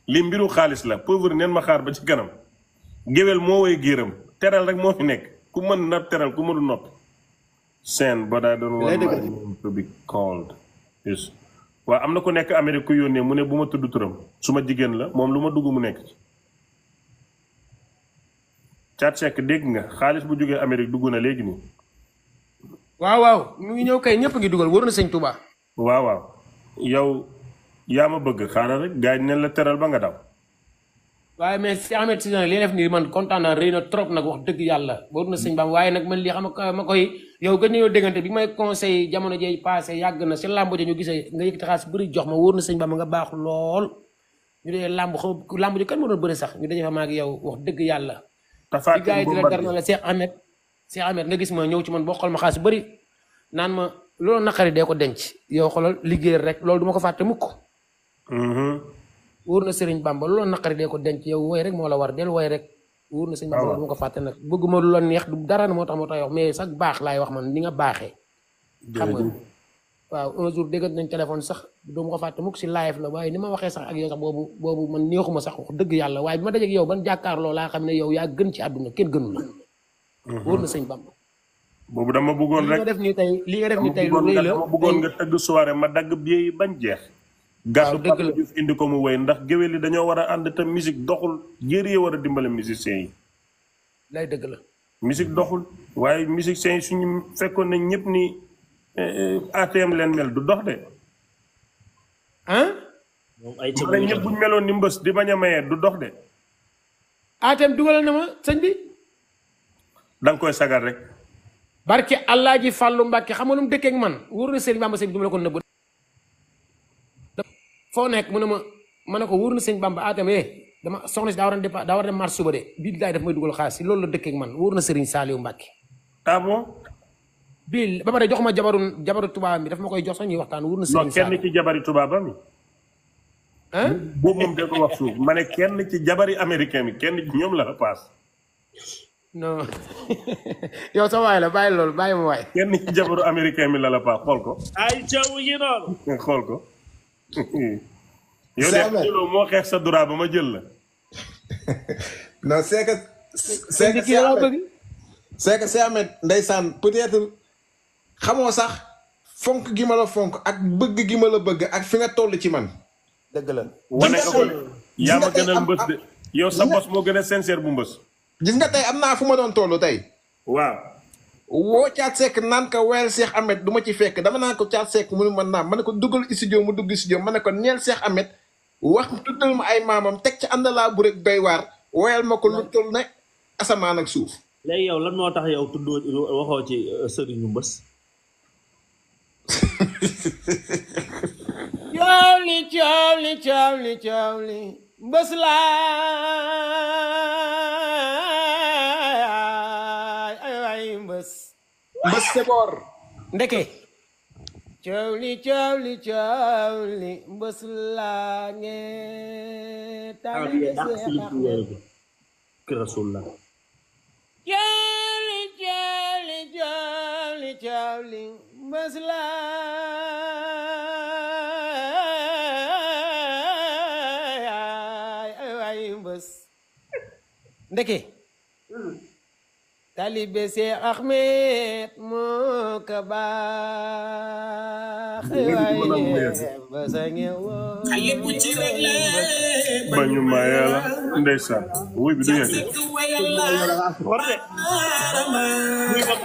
li mbiru xaalis la pauvre neen ma xaar ba ci kanam. géwél moo woy géeram teral rek moo fi nekk ku mën na teral ku mënu noppi. seen but I don't want my name to be called. waa am na ku nekk Amérique ku yónnee mu ne bu ma tudd turam su ma jigéen la moom lu ma dugg mu nekk ci Thiat Seck dégg nga xaalis bu jógee Amérique dugg na léegi nii. waaw waaw mu ngi ñëw kay ñëpp ngi dugal wóor na sëñ tubaa waaw waaw yow yaa ma bëgg xaaral gaa yi ne la teral ba nga daw. waaye mais si Ahmed Cissé li def nii man kontaan naa rëy na trop nag wax dëgg yàlla booru na sëñ baam waaye nag man lii xam ma koy yow gën nañoo déggante na si làmb ja ñu gisee nga yëkkati xaalis bëri jox ma wóor na sëñ baam nga baax lool ñu sax ñu daje yow wax dëgg yàlla di gars yi di la dar na la Cheikh Ahmed Cheikh Ahmed nga gis ma ñëw ci man boo xool ma xaalis bëri naan ma loolu naqari dee ko denc yow xoolal liggéey rek loolu du ma ko fàtte mukk mm-hmm. wóor na sëriñ Bamba loolu naqari ko denc yow woy rek moo la war del woy rek ah. ko fàtte nag bëgguma lu la neex du moo tax moo tax wax baax laay wax man ni nga baaxee xam nga waaw un jour déggat nañ téléphone sax du ma ko fàtte si live la waaye ni ma waxee sax ak yow sax boobu boobu man neexuma sax wax dëgg yàlla waaye bi ma dajeeg yow ban jàkkaarloo laa xam ne yow yaa gën ci àdduna kenn gënu la mhm. wóor na sëriñ Bamba boobu dama bëggoon rek li nga def ni tey li nga def ni tey lu tëgg soirée ma dagg biee yi bañ jeex gàddu Pape Diouf indi ko mu woy ndax géwél yi dañoo war a ànd te musique doxul jëree war a dimbale musiciens yi lay dëgg la musique doxul waaye musiciens yi ñu fekkoon nañ ñëpp ni eh, ATM leen mel du dox de ah meloon ni di bañ a du dox de ATM dugalal na ma sëñ bi danga koy sagar rek barke Allaaji Fàllu Mbàkke xam nu mu dëkkee ak man wóor na sëriñ Bamba sëñ bi du ma la ko nëbb foo nekk mu ne ma ma ne ko wóor na sëñ Bamba Adama eh dama soxna si daa war a départ daa war suba de billaay daf may dugal xaalis si loolu la dëkkeek man wóor na Serigne saali Mbacke. ah bon. bii ba pare jox ma jabaru jabaru tubaab bi daf ma koy jox sax ñuy waxtaan wóor na. Serigne Saliou non kenn ci jabari tubaabam yi. ah boobu moom da ko wax suuf ma kenn ci jabari américain bi kenn ci ñoom la paas. non yow sa waay la bàyyi loolu bàyyi ma waay. kenn ci jabaru américain bi la la paas xool ko. ay jaww ji noonu. xool ko. [laughs] yow de jëloo moo xeex sa dura ba ma jël la. [laughs] non c'est que. c'est que c'est ndeysaan peut xamoo sax fonk gi ma la fonk ak bëgg gi ma la bëgg ak fi nga toll ci man. dëgg la wane ko yaa ma gënal mbës de yow sa bos moo gën a sincère bu mbës. gis nga tey am naa fu ma doon toll tey. waaw. woo Thiat Seck naan ko weel Cheikh Ahmed du ma ci fekk dama naan ko Thiat Seck mu ne ma naam ma ne ko duggal mu dugg studio ma neel Cheikh Ahmed wax tuddal ma ay maamam teg ci àndalaa bu rek doy waar woyal ma ko lu ne asamaan suuf. léegi yow lan moo tax yow tudd waxoo ci euh, sëriñu mbës. coow li coow li laa. mbës mbës segoor ndeke coow li coow li coow li mbës laa nge tali mbës laa ay mbës ndeke talibe Seex Ahmed moo ko baax bañu ma yàlla ndeysaan wuy bi du yàgg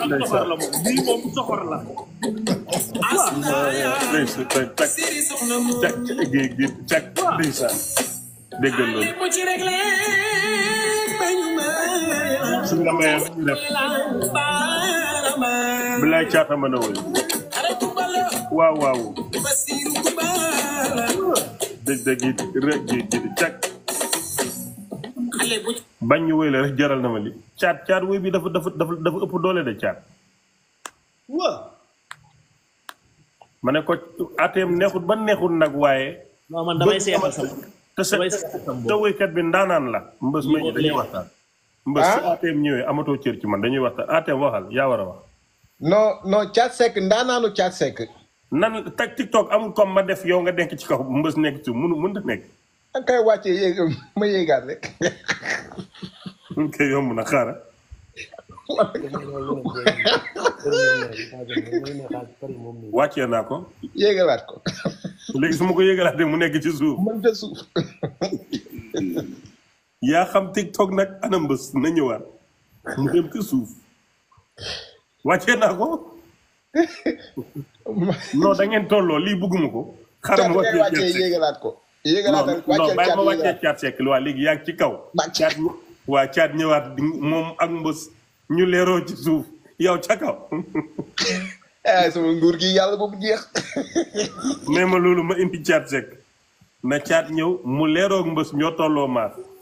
ndeysaan bii moom soxor la ndeysaan déggal loolu bi nga mayee ñu def waaw bañ ñu woy la rek jaral na ma li caat caat woy bi dafa ëpp doole da caat ma ne ko atem neexut ba neexut nag waaye non man damay seetal bi ndaanaan la mbës may ñu mbës su ATM ah? ñëwee amatoo cër ci man dañuy waxtaan ATM waxal yaa war a wax. non non Thiat Seck ndaanaanu Thiat Seck. nan tag TikTok amul comme ma def yow nga denk ci kaw mbës nekk ci munu mënut a nekk. da nga koy wàccee na xaaral. wàccee naa ko. yéegalaat ko. léegi su ma ko yéegalaatee mu nekk ci suuf. suuf. yaa xam TikTok nag ana mbës na ñëwaat mu dem ci suuf wàccee naa ko [laughs] non da tolloo lii bëgguma ko. xaaral ma wàccee yéegalaat ko. yéegalaatal wàccee ci kaw. caat waa caat ñëwaat moom ak mbës ñu leeroo ci suuf yow ca kaw. ah [laughs] gi yàlla boobu jeex. [laughs] ma loolu ma indi caat sekk na caat ñëw mu leeroog mbës ñoo tolloo maas.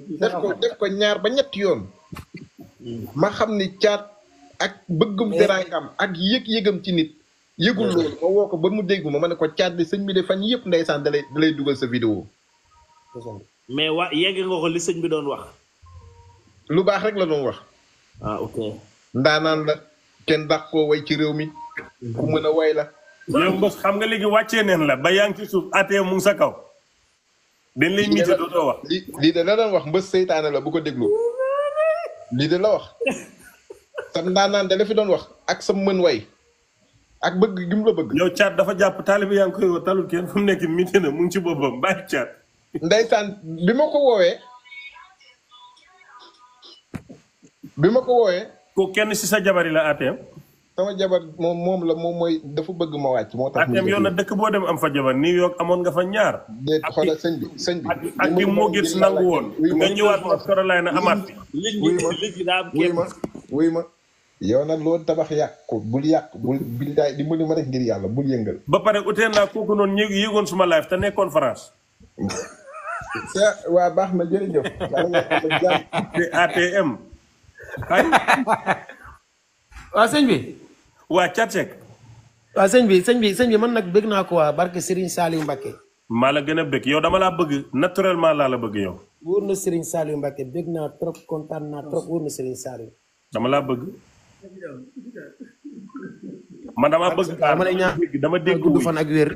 def ko def ko ñaar ba ñetti yoon ma xam ne caat ak bëggum deraangam ak yëg-yëgam ci nit yëgul loolu ba mu déggu ma ma ne ko caat bi sëñ bi de fan yëpp ndeysaan dalay dalay dugal sa vidéo mais wa yegg nga ko li sëñ bi doon wax lu baax rek la doon wax ah ndaanaan la kenn dàq ko way ci réew mi ku mën a way la yow mbos xam nga léegi wàccee neen la ba yaa ngi ci suuf atee mu sa kaw dañ lay miite dootoo wax. lii lii de la doon wax mbës seytaane la bu ko déglu lii de la wax [laughs] tam naan de la fi doon wax ak sa mën way ak bëgg gi la bëgg. yow caat dafa jàpp taalibi yaa ngi koy woo talul kenn mu nekk miite na mu ngi ci boppam bàyyi caat. ndeysaan bi ma ko woowee bi ma ko woowee. ko kenn si sa jabar yi la ATM. sama jabar moom moom la moom mooy dafa bëgg ma wàcc moo tax. ak yoon na dëkk boo dem am fa jabar New York amoon nga fa ñaar. bi sëñ bi. ak ki moo gis nangu woon. nga ñëwaat North Carolina amaat fi. léegi daa am kenn ma yow nag loolu tabax yàq ko bul ma yàlla bul yëngal. ba pare utee naa ñu yëgoon suma live te nekkoon France. [laughs] waa baax na ATM. [laughs] [laughs] waaw sëñ bi. waa Thiat Seck. waaw sëñ bi sëñ bi sëñ bi man nag bëgg naa ko waa barke Serigne Saliou Mbacke. maa la gën a bëgg yow dama laa bëgg naturellement laa la bëgg yow. wóor na Serigne Saliou Mbacke bëgg naa trop kontaan naa trop wóor na Serigne Saliou. dama laa bëgg. man dama bëgg dama dégg gudd fan ak wér.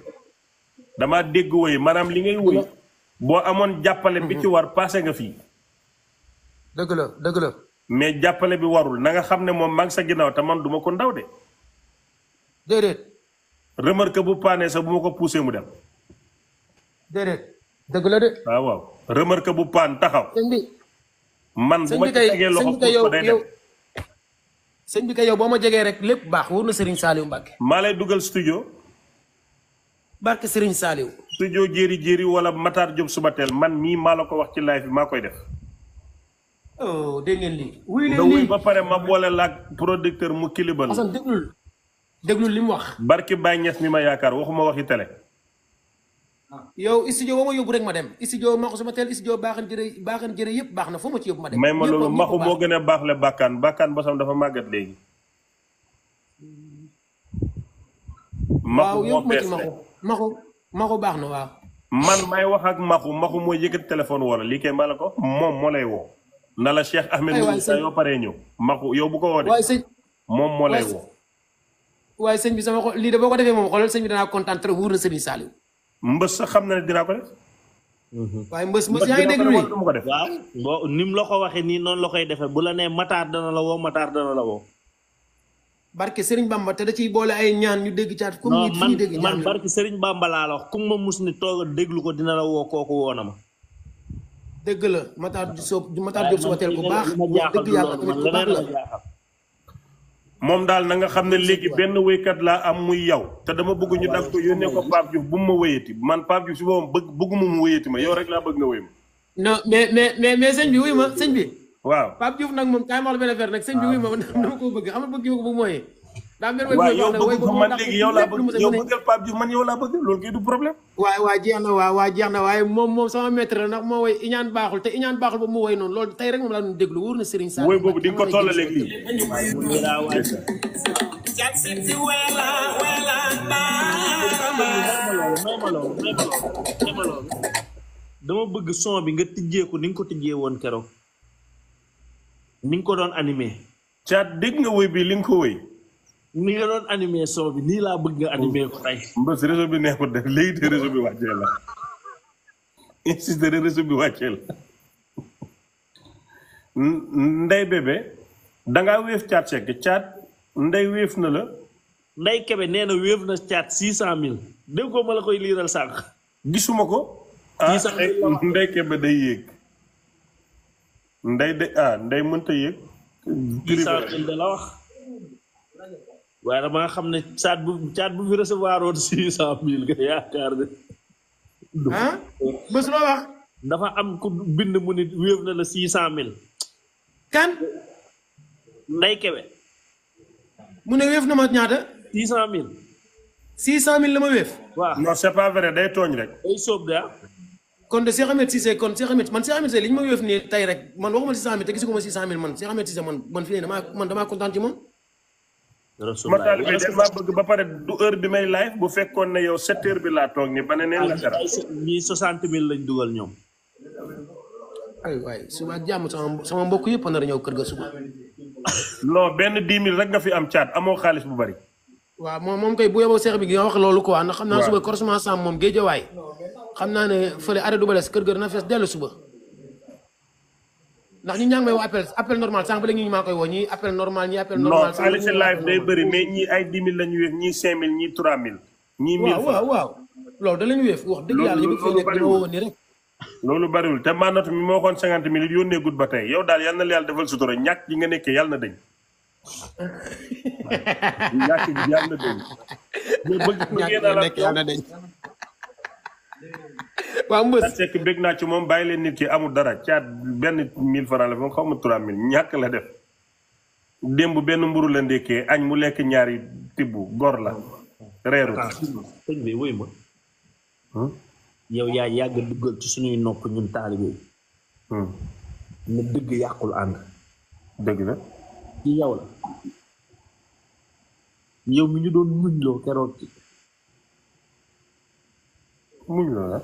dama woy maanaam li ngay woy boo amoon jàppale bi mhm. ci war passé nga fii. dëgg la dëgg la. mais jàppale bi warul nanga xam ne moom maa ngi sa ginnaaw te man duma ko ndaw de. déedéet. remarque bu paanee sax bu ma ko poussé mu dem. déedéet. dëgg la de. waaw ah, waaw remarque bu paan taxaw. sëñ bi man bu ma ci tegee loxo pour boo ma jegee rek lépp baax wóor na Serigne Saliou Mbacke. maa lay dugal studio. barke Serigne Saliou. studio jéeri jéeri wala Matar Diop suba teel man mii maa la ko wax ci live bi maa koy def. oh dégg ngeen lii. wuy leen lii ba pare ma boole laa laag producteur mu kilibal. Assane déglul déglul li mu wax. barki Baye Niass mi ma yaakaar waxuma waxi télé. Ah. yow studio boo ma yóbbu rek ma dem studio ma sama teel studio baaxan jëre baaxan jëre yëpp baax na foo ma ci yóbbu ma ma loolu maxu moo gën a baax le bàkkaan bàkkaan bosam dafa màggat léegi. maxu moo bees waaw maxu maxu baax na waaw. man may wax ak maxu maxu mooy yëkkati téléphone wala lii kay mbala ko moom moo lay woo. na la Cheikh Ahmed Moussa yoo paree ñëw. maxu yow bu ko woo de. waay moo lay woo. waaye bi sama xol lii de boo ko defee moom xoolal sëñ bi danaa kontaan trop wóor na sax xam na ne dinaa ko def. Mhm. waaye ko def. boo ni mu la ko waxee nii noonu la koy defee bu la nee mataar dana la mataar dana la woo. barke Serigne Bamba te da ciy boole ay ñaan ñu dégg caat. comme ni ñu dégg ñaan man man barke Serigne Bamba laa la wax ku ma mus ni toog déglu ko dina la woo kooku woona ma. dëgg la Matar Diop Matar Diop Sobatel bu baax dëgg yàlla tamit bu baax la moom daal na nga xam ne léegi benn wéykat laa am muy yow te dama bëgg ñu dagg ko yónnee ko Pape Diouf bu mu ma wéyati man Pape Diouf si boobam bëgg bëgguma mu wéyati ma yow rek laa bëgg nga wéy ma. non mais mais mais bi wuy ma sëñ bi. waaw Pape Diouf nag moom kaay ma wax la benn affaire nag sëñ bi wuy ma man dama ko bëgg ama bëgg yow ko bu mu daa mel ni waaye yow bëgg man léegi yow laa bëgg yow bëggal laa bëgg loolu kay du problème. waaw waaw jeex na waaw waaw na waaye moom moom sama maître la ndax moo woy iñaan baaxul te iñaan baaxul ba mu woy noonu loolu tey rek moom laa doon déglu wóor na Serigne Sall. woy boobu di nga ko tollaleeg lii. dama bëgg son bi nga tijjee ko ni nga ko tijjee woon keroog. ni nga ko doon animé. caat dégg nga woy bi li nga ko woy. ni nga doon animé soo bi nii laa bëgg nga animé ko tey. mbës réseau bi neexut def léegi te réseau bi wàccee la insister réseau bi wàccee la ndey bébé dangaa wéef caat sekk caat ndey wéef na la. ndey kebe nee na wéef na caat six cent mille. dégg ko ma la koy liiral sànq. gisuma ko. ah ndey kebe day yéeg. ndey de ah ndey mënta yéeg. prix la wax. waaye damaa xam ne caat bu caat bu fi recevoir woon six cent mille nga yaakaar ne. am ku bind mu nit wéew na cent mille. kan. nday kebe mu ne wéef na ma ñaata. six cent mille. six cent mille la ma wéef. waaw non c'est pas vrai day tooñ rek. day soob de ah. kon de Cheikh Ahmed Cissé kon Cheikh man Cheikh Ahmed Cissé ma wéef nii tey rek man waxuma six cent mille te gisu ko six cent mille man Cheikh Ahmed Cissé man man ne damaa man damaa ma taal bi dama bëgg ba pare du heure bi may live bu fekkoon ne yow sept heures bi laa toog ni ba ne neen la ah, dara ñii soixante mille lañ dugal ñoom ay waay suba jàmm sama sama mbokk yëpp na nar ñëw kër ga suba non benn dix mille rek nga fi am caat amoo xaalis bu bari waa moom moom kay bu yeboo seex bi gi nga wax loolu quoi ndax xam naa suba correspondance am moom géejawaay xam naa ne fële arrêt du bales kër ga dana fees dellu suba ndax ñu ñaa ngi may woo appel appel normal sànq ba léegi ñu maa koy woo ñii appel normal ñii appel normal non Aliou seen live day bëri mais ñii ay waaw waaw loolu da la ñu wéef wax dëgg yàlla ñu bëgg fee nekk dama woo ni rek loolu bëriwul te maanatu mi moo xoon cinquante mille yónnee gudd ba tey yow daal yal na la yàlla defal sutura ñàkk gi nga nekkee yàlla [laughs] na dañ ñàkk gi yàlla na dañ [laughs] waa Mbës Seck bég naa ci moom bàyyi leen nit ki amul dara caat benn mille francs la fa xaw ma trois mille ñàkk la def démb benn mburu la ndékkee añ mu lekk ñaari tibb gor la reeru ah, sëñ hmm? yow yaa yàgg duggal ci suñuy nopp ñun taalibe yi hmm. dëgg yàqul ànd dëgg la ci yow la yow mi ñu doon muñ loo keroog ci muñ loola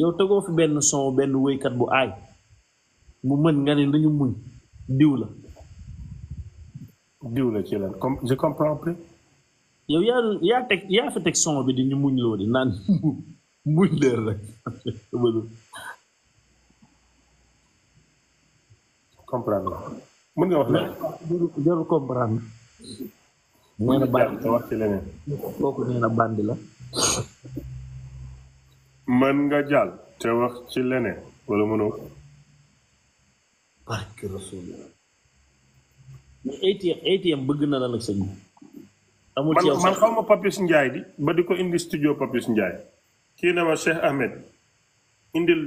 yow tegoo fi benn son benn wéykat bu aay mu mën nga ne nañu muñ diw la diw la ci lan comme je comprends yaa yaa teg yaa fi teg son bi di ñu muñ loo di naan [laughs] muñ leer rek comprendre mën nga wax ne jarul comprendre nee bandi la mën nga jàll te wax ci leneen wala mënoo barke ATM ATM bëgg na la nag sëñ amul ci man xaw Papis Ndiaye di ba di ko indi studio Papis Ndiaye kii na ma Cheikh Ahmed indil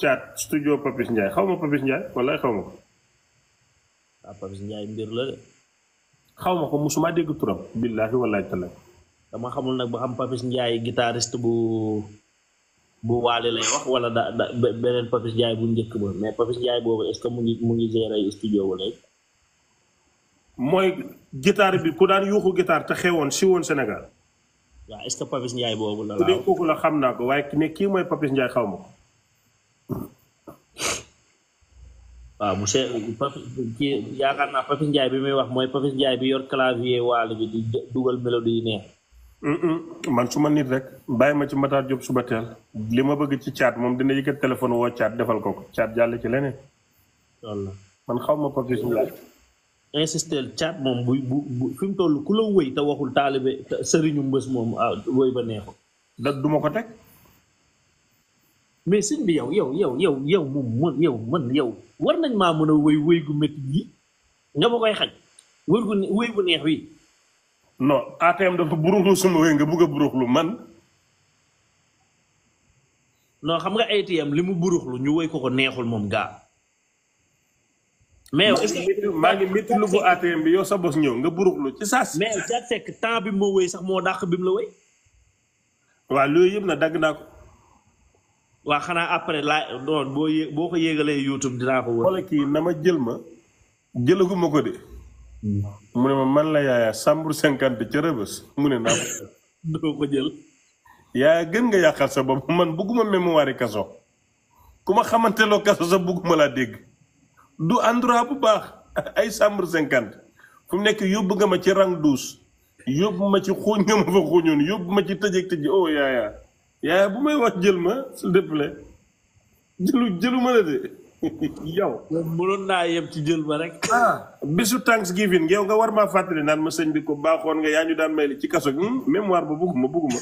caat studio Papis Ndiaye xaw ma Papis Ndiaye wallaay xaw ma ko waaw ah, Papis Ndiaye mbir la de xaw ma ko musuma dégg turam billaahi wallaay taala dama xamul nag ba xam Papis Ndiaye guitariste bu bu waale lay wax wala da da beneen Papis bu njëkk ba mais Papis Ndiaye boobu est-ce que mu ngi mu ngi gérer mooy guitare bi ku daan yuuxu guitare te xewoon si woon Sénégal. waaw est-ce que boobu la. waaw xam naa ko waaye ne kii mooy Papis Ndiaye xaw ma ko. waaw monsieur Papis kii yaakaar naa Papis Ndiaye bi muy wax mooy Papis Ndiaye bi yor clavier waale bi di dugal mélodie yi neex. man su ma nit rek bàyyi ma ci Matar Diop suba teel li ma bëgg ci caat moom dina yëkkat téléphone woo caat defal ko ko caat jàll ci leneen. man xaw ma professionnel. insister caat moom bu bu fi mu toll ku la wëy te waxul taalibe sëriñu mbës moom ah wëy ba neexul. da duma ko teg. mais sëñ bi yow yow yow yow yow moom man yow man yow war nañ maa mën a wëy wëy gu métti gi nga ma koy xaj wëy bu neex wi. non ATM dafa buruxlu suma wéy nga bugg a buruxlu man. non xam nga ATM li mu buruxlu ñu wéy ko ko neexul moom gaa. mais est-ce que maa ngi métti lu bu ATM bi yow sa bos ñëw nga buruxlu ci saas. mais Thiat Seck temps bi moo wéy sax moo dàq bi mu la wéy. waaw loolu yëpp na dagg naa ko. waa xanaa après laa doon boo yé boo ko yéegalee YouTube dinaa ko wër. wala kii na ma jël ma jëlaguma ko de. mu ne ma man la yaaya chambre cinquante ca rëbës mu ne naa ko [laughs] doo ko jël yaaya gën nga yàqal sa bopp man bugguma mémoire kaso ku ma xamanteloo kaso sa bugguma laa dégg du endroit bu baax [laughs] ay chambre cinquante fu mu nekk yóbbu nga ma ci rang douze yóbbu ma ci xuuñ nga [laughs] ma fa xuuñoon yóbbu ma ci tëjeeg tëj oh yaaya yaaya bu may wax jël ma s'il te plaît jëlu jëlu ma la de yow. mënoon naa yem ci jël ba rek. ah bisu Thanksgiving yow nga war maa fàttali naan ma sëñ bi ko baaxoon nga yaa ñu daan may li ci kaso hmm, ba bugguma bugguma.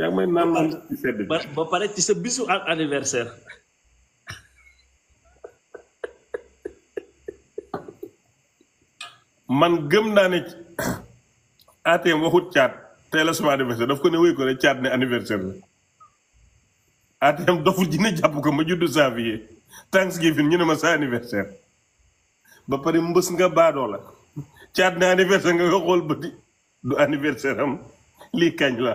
yaa ngi may naan naan bi ba pare ci sa bisu anniversaire. man gëm naa ne [coughs] ATM waxut caat tey la sama anniversaire daf ko ne wéy ko ne caat ne anniversaire ATM doful dina jàpp ko ma juddu janvier Thanksgiving ñu ne ma sa anniversaire ba pare mbës nga baadoo la caat na anniversaire nga nga xool bëti du anniversaire am lii kañ la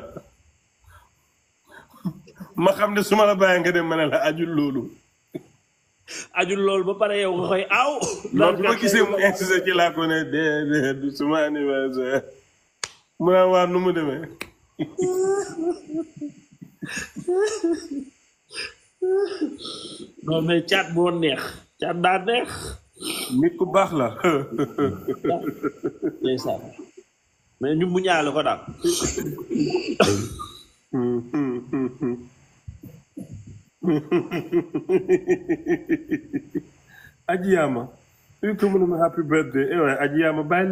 ma xam ne su ma la bàyyi nga dem ma ne la ajul loolu ajul loolu ba pare yow nga koy aw loolu bi ma gisee mu insisté ci laa ko ne dee du suma anniversaire mu naan waa nu mu demee [laughs] [laughs] non mais caat moo neex caat daa neex. nit ku baax la. [laughs] ndeysaan mais ñu mu ko daal. [laughs] Ajiyaama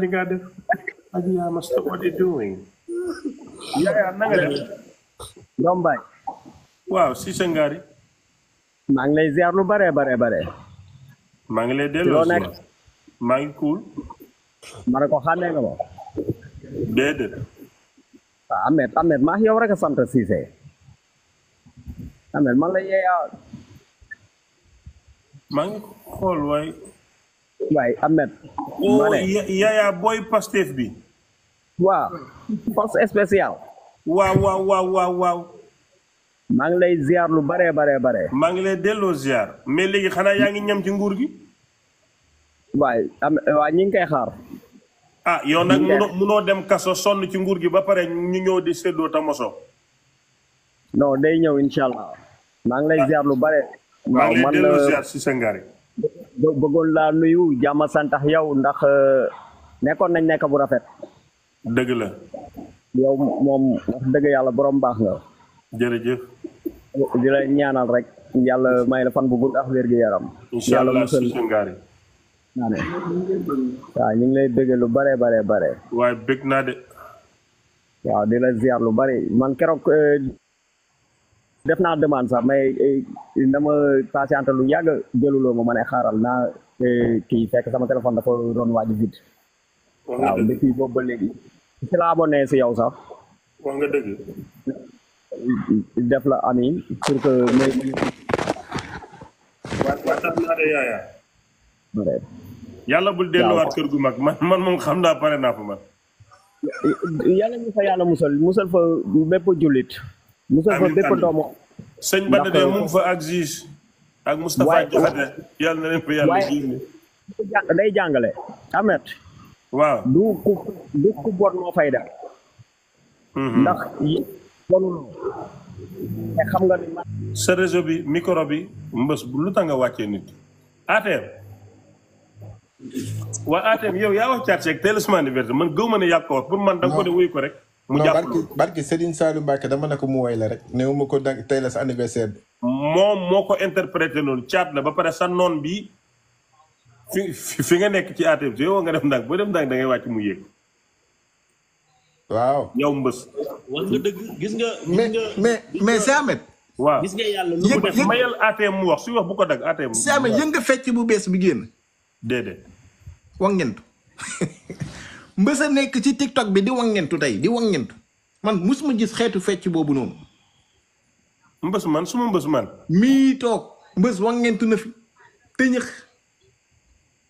nga def Ajiyaama stop what you doing. yaa yaa na nga def. baay. waaw si maa ngi lay ziar lu bare bare bare. maa ngi lay delloo nekk maa ngi kuul. ne ko xàmmee nga ma. déedéet. ah Ahmed Ahmed maa yow rek a sant Cissé. Ahmed man la yeeyaa. maa ngi xool waay. waay Ahmed. ma oh, yaya booy Pastef bi. waaw force spéciale. waaw waaw waaw waaw maa lay ziar lu baree baree bare maa ngi lay delloo ziar mais léegi xanaa yaa ngi ñam ci nguur gi. waaye am waa ñi ngi koy xaar. ah yow nag munoo dem kaso sonn ci nguur gi ba pare ñu ñëw di séddoo ta moso non day ñëw incha allah. maa ngi lay ah. ziar lu bare. maa ngi lay delloo ziar si sa ngari bëggoon laa nuyu jàmm santax yow ndax euh, nekkoon nañ nekk bu rafet. dëgg la. yow moom wax dëgg yàlla borom baax nga. jërëjëf. di ñaanal rek. yàlla may la fan bu gudd ak yaram. incha allah suñu ngaari waaw ñu ngi lay bëggee lu bare bare bare. waaye bëgg naa de. waaw di la lu bari man keroog euh, def naa demande sax mais euh, dama patiente lu yàgg jëluloo ma ma xaaral naa euh, kii fekk sama téléphone dafa doon waaj vide. waaw depuis boobu léegi. ci la abonné si yow sax. def la amin pour que may yàlla bul delluwaat kër gu mag man man xam naa pare naa fa man yàlla ñu fa yàlla musal musal fa bépp jullit musal fa bépp doomu sëñ Bada de euh, mu fa ak juge ak Moustapha Diakhaté yàlla na fa yàlla jiir day jàngale amet du ku du ku moo fay mhm. ndax mënuloo te xam sa réseau bi micro bi mbës bu lu tax nga wàccee nit ATM waa ATM yow yaa wax caat seeg teel suma anniversaire man gëw ma ne ko wax pour man da nga ko ne wuyu ko rek. mu jàpp barki barki Serigne Saliou dama ne ko mu woy la rek néew ma ko dang tey la sa anniversaire bi. moom moo ko interprété loolu caat la ba pare sa noon bi fi fi nga nekk ci ATM si yow nga def ndànk boo def ndànk da wàcc mu yéeg. waaw yow mbës. wax nga dëgg gis nga. mais mais mais Samet. waaw gis nga yàlla lu mu def mayal ATM mu wax su wax bu ko dagg ATM. waaw Samet yëg nga fecc bu bees bi génn. déedéet. wangentu mbës a nekk ci TikTok bi di wangentu tey di wangentu man musuma gis xeetu fecc boobu noonu. man suma mbës man. mii toog mbës wangentu na fi tëñëx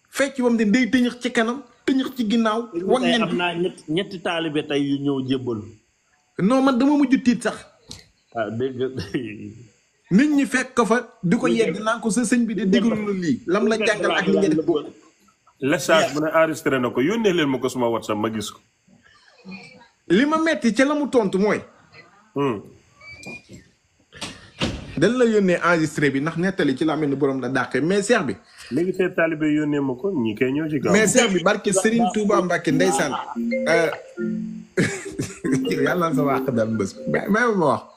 fecc boobu day tëñëx ci kanam. tëñëx ci ginnaaw. wan leen am naa ñetti ñetti taalibe tey yu ñëw jébbalu. non man dama mujj tiit sax. Ah, nit ñi fekk ko fa di ko yegg naan ko sa sëñ bi de déglu lu lii lam la jàngal ak li ngeen bokk. message bu ne enregistré na ko yónnee leen ma ko suma whatsapp ma gis ko. li ma metti ca la mu tontu mooy. Hmm. dañ la yónnee enregistré bi ndax nettali ci làmmiñu borom la dàqee mais seex bi. léegi tey taalibe yónnee ma ko ñi ñoo ci gaaw. mais seex bi barke Serigne Touba Mbacke ndeysaan. Euh, [laughs] yàlla na sa mais ma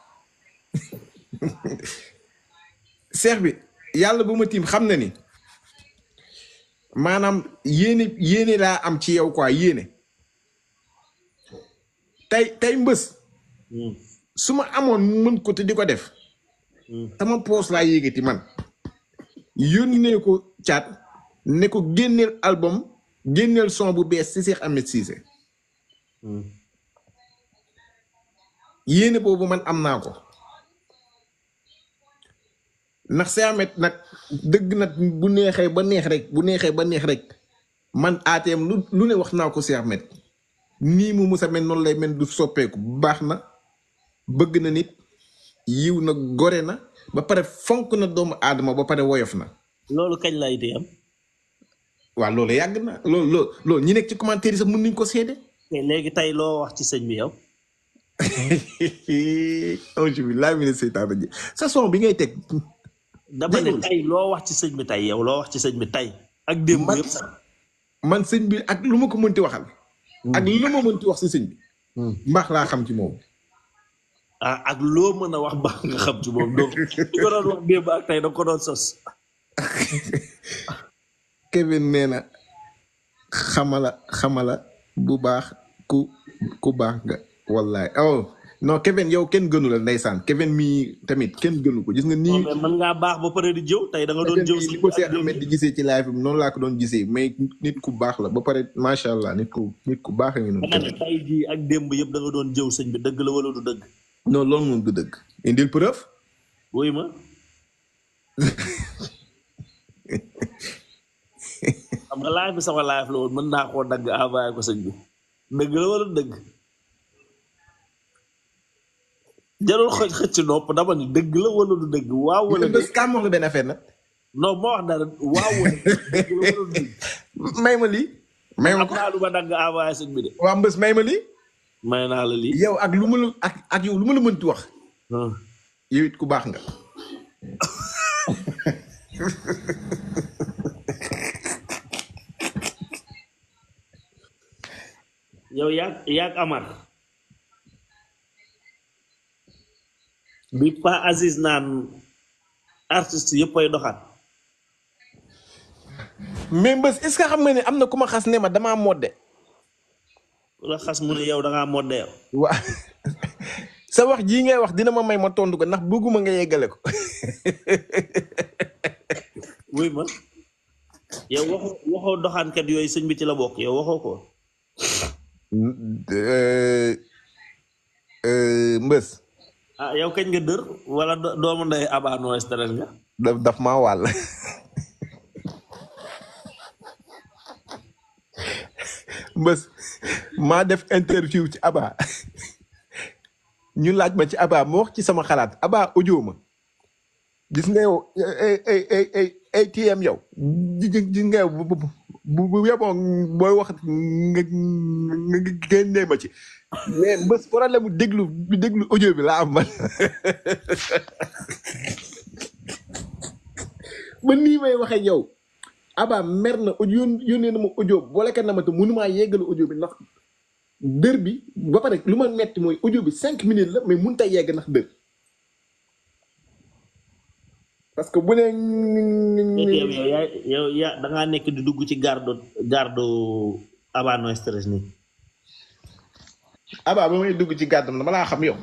seex [laughs] bi yàlla bu ma tiim xam na ni maanaam yéene yéene laa am ci yow quoi yéene. tey tey mbës. Hmm. su ma amoon mën ko te di ko def. Hmm. sama poos laa yéegati man yónnee ko caat ne ko génneel album génneel son bu bees ci Cheikh Ahmed Cissé hmm. yéene boobu man am naa ko ndax Cheikh Ahmed nag dëgg nag bu neexee ba neex rek bu neexee ba neex rek man ATM lu lu ne wax naa ko Cheikh Ahmed nii mu musa mel noonu lay mel du soppeeku baax na bëgg na nit yiw na gore na ba pare fonk na doomu aadama ba pare woyof na. loolu kañ lay di am. waaw loolu yàgg na loolu ñu nekk ci commentaire yi sax mën nañu ko seede. léegi tey loo wax ci sëñ bi yow. alhamdulilah [laughs] mi ne seytaan ji sa son bi ngay teg. dama ne tey loo wax ci sëñ bi tey yow loo wax ci sëñ bi tey. ak démb yëpp man sëñ bi ak lu ma ko mënti waxal. ak hmm. lu ma mënti wax si sëñ bi. Hmm. mbaax laa xam ci moom. ah ak loo mën a wax baax nga xam ci moom donc li ko doon da ko doon sos. [laughs] Kevin nee na xamala xamala bu baax ku baax nga wallaay oh no Kevin yow kenn gënu la ndeysaan Kevin mii tamit kenn gënu ko gis nga nii. mais mën ngaa baax ba pare di jëw tey da nga doon jëw si. see di gisee ci live bi noonu laa ko doon gisee mais nit ku baax la ba pare macha allah nit ku nit ku baax a ngi ak démb yëpp da doon jëw sëñ bi dëgg la wala du dëgg. non loolu moom du dëgg. indil preuve. woy ma. [laughs] xam nga live bi sama live la woon mën naa koo dagg envoyé ko sëñ bi dëgg la wala dëgg. jarul dëgg la wala du dëgg. waaw wala dëgg kam wax la benn affaire nag. non moo wax dara waaw wala dëgg ma lii. may ma ko am waa mbës may ma lii. may naa la lii yow ak lu ma lu ma la mënti wax. Ah. yow it ku baax nga. yow yaag yaag Amar. bi Pa Aziz naan artiste yëpp ay doxaat. mais mbës est-ce que xam nga ne am na ku ma xas ne ma damaa modde. la xas mu ne yow da ngaa sa wax jii ngay wax dina ma may ma tontu ko ndax bëgguma nga yeggale ko. wuy ma yow waxu waxoo doxaankat yooyu sëñ bi ci la bokk yow waxoo ko. Eh, eh, mbës. ah yow kañ nga dër wala doomu ndey abaano stress nga. daf daf maa [laughs] mbës. maa def interview ci Aba ñu laaj ma ci abaa ma wax ci sama xalaat abaa audio ma gis nga yow eh, eh, eh, ATM yow gis nga yow bu yeboo booy wax nga génnee ma ci mais mbës problème mu déglu déglu audio bi laa am man [laughs] ba nii waxee yow. Aba mer na audio yónnee na ma audio booleka na ma te mënumaa yeggalu audio bi ndax dër bi ba pare lu ma metti mooy audio bi cinq minutes la mais mënut ta yegg ndax dër parce que bu ne. yow ya da ngaa nekk di dugg ci gardo gardo Aba no dugg ci gardam dama xam yow.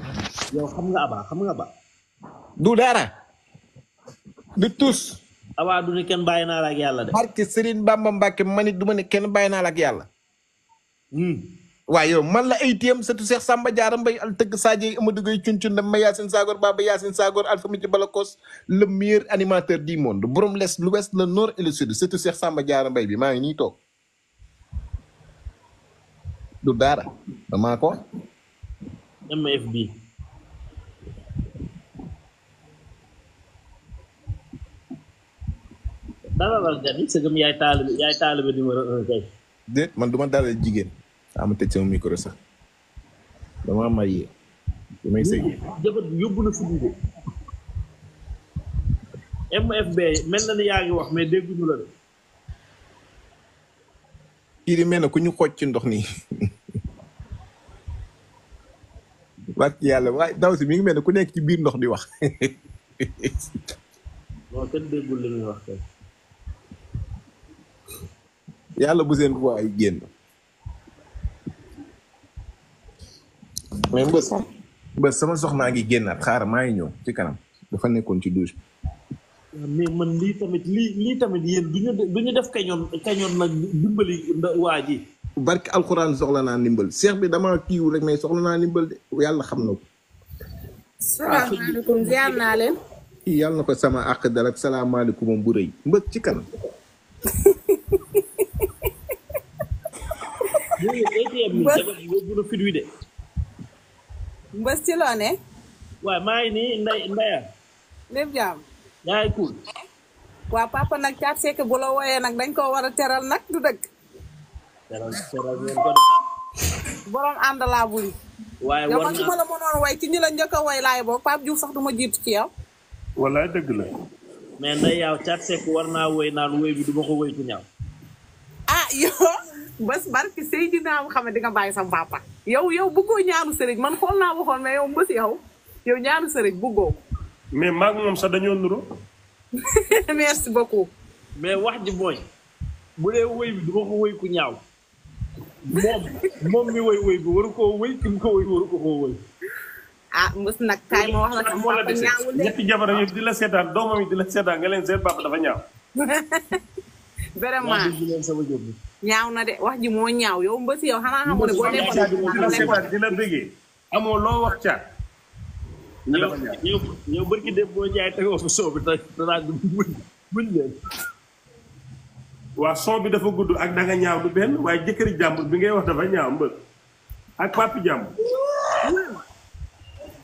yow xam nga Aba xam nga Aba. du dara. du tus. abaa du kenn bàyyi naa la ak yàlla de. barke Serigne Bamba Mbacke man it du ma ne kenn bàyyi naa la yàlla. Hmm. waaye yow man la ay téyam sëtu Seex Samba Jaara Mbay al tëgg Sadji Amadou Gueye cuncun dam ma Yacine Sagor Baba Yacine Sagor Alpha Midi Balakos le meilleur animateur du monde borom l'est l'ouest le nord et le sud sëtu Seex Samba Jaara Mbay bi maa ngi nii toog du daara damaa ko. MFB. dama war a sa gëm yaay taalibe yaay taalibe numéro man du ma dalal jigéen. ah ma tëj sama micro sax dama marié. li may sëy jabar yóbbu na fu mu mel na ni yaa ngi wax mais dégguñu la de. kii di mel na ku ñu xooj ci ndox nii. wax yàlla waaye daw si mi ngi mel ne ku nekk ci biir ndox di wax. yàlla bu seen voix yi génn. mais mbës mbës sama soxnaa ngi génnaat xaaral maa ngi ñëw ci kanam dafa nekkoon ci douche ah, mais man lii tamit lii lii tamit yéen du ñu def kañoon kañoon nag dimbali waa ji barke alxuraan soxla naa ndimbal seex bi dama kiiw rek mais soxla naa ndimbal de yàlla xam na ko salaamaaleykum ziar naa leen na ko sama àq dal bu rëy mbës ci kanam [laughs] de. mbës ci loo ne. waaw maa ngi nii nday ndaya lépp jaam. yaa ngi cool. waaw nag caat sekk bu la wooyee nag dañ koo war a teral nag du dëgg. teral teral ngeen ko borom ànd laa buri. waaye war naa yow la mënoon way ci ñi la njëkk a way laay boog sax du jiitu ci yow. wallaay dëgg la. mais nday yaaw caat sekk war naa woy naan woy bi du ko woy ci ñaaw. ah yow. bés barki Seydina Muhammad di nga bàyyi sam papa yow yow bëggoo ñaanu sëriñ man xool naa waxoon mais yow bés yow yow ñaanu sëriñ bëggoo mais maag moom sax dañoo nuro [laughs] merci beaucoup mais wax ji booñ bu dee wëy bi du ku ñaaw moom moom mu ko wëy waru ko koo wëy ah nag kaay ma wax la sama papa ñaawul ñetti di la seetaan doomam yi di la seetaan nga leen seen papa dafa ñaaw [laughs] vraiment ñaaw na de wax ji moo ñaaw yow mbës yow dina bëggee amoo loo wax caat ñëw ñëw bërki dem boo jaay tegoo fa soo bi te danaa buñ bi dafa gudd ak danga ñaaw du benn waaye jëkkëri jàmbur bi ngay wax dafa ñaaw mbër ak papi jàmbur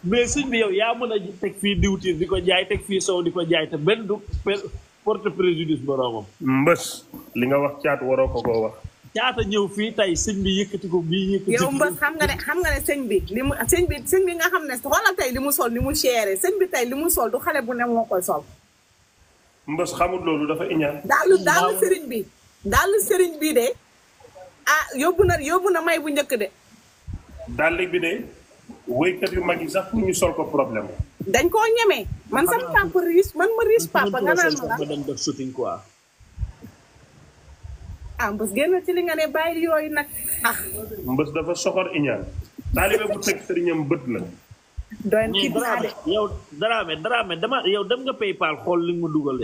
mais bi yow yaa mën a teg fii diwtiir di ko jaay teg fii soow di ko jaay te benn du porte préjudice boroomam. mbës li nga wax caat waroo ko koo wax. caata ñëw fii tey sëñ bi yëkkati ko bii yëkkati yow mbës xam nga ne xam nga ne sëñ bi li mu sëñ bi sëñ bi nga xam ne xoolal tey li mu sol ni mu seere sëñ bi tey li mu sol du xale bu ne moo koy sol. mbës xamul loolu dafa iñaan. daalu bi daalu sëriñ bi de ah yóbbu na yóbbu na may bu njëkk de. dàll bi de. wéykat yu mag yi sax pour ñu sol ko problème dañ koo ñemee man sax ah. papa man ma riis papa nga naan ma la dem def ah, mbës li nga ne bàyyi yooyu nag ah. mbës dafa soxor iñaan taalibe bu teg sëriñam bët la doy na kii daraame yow daraame daraame dama yow xool li mu dugal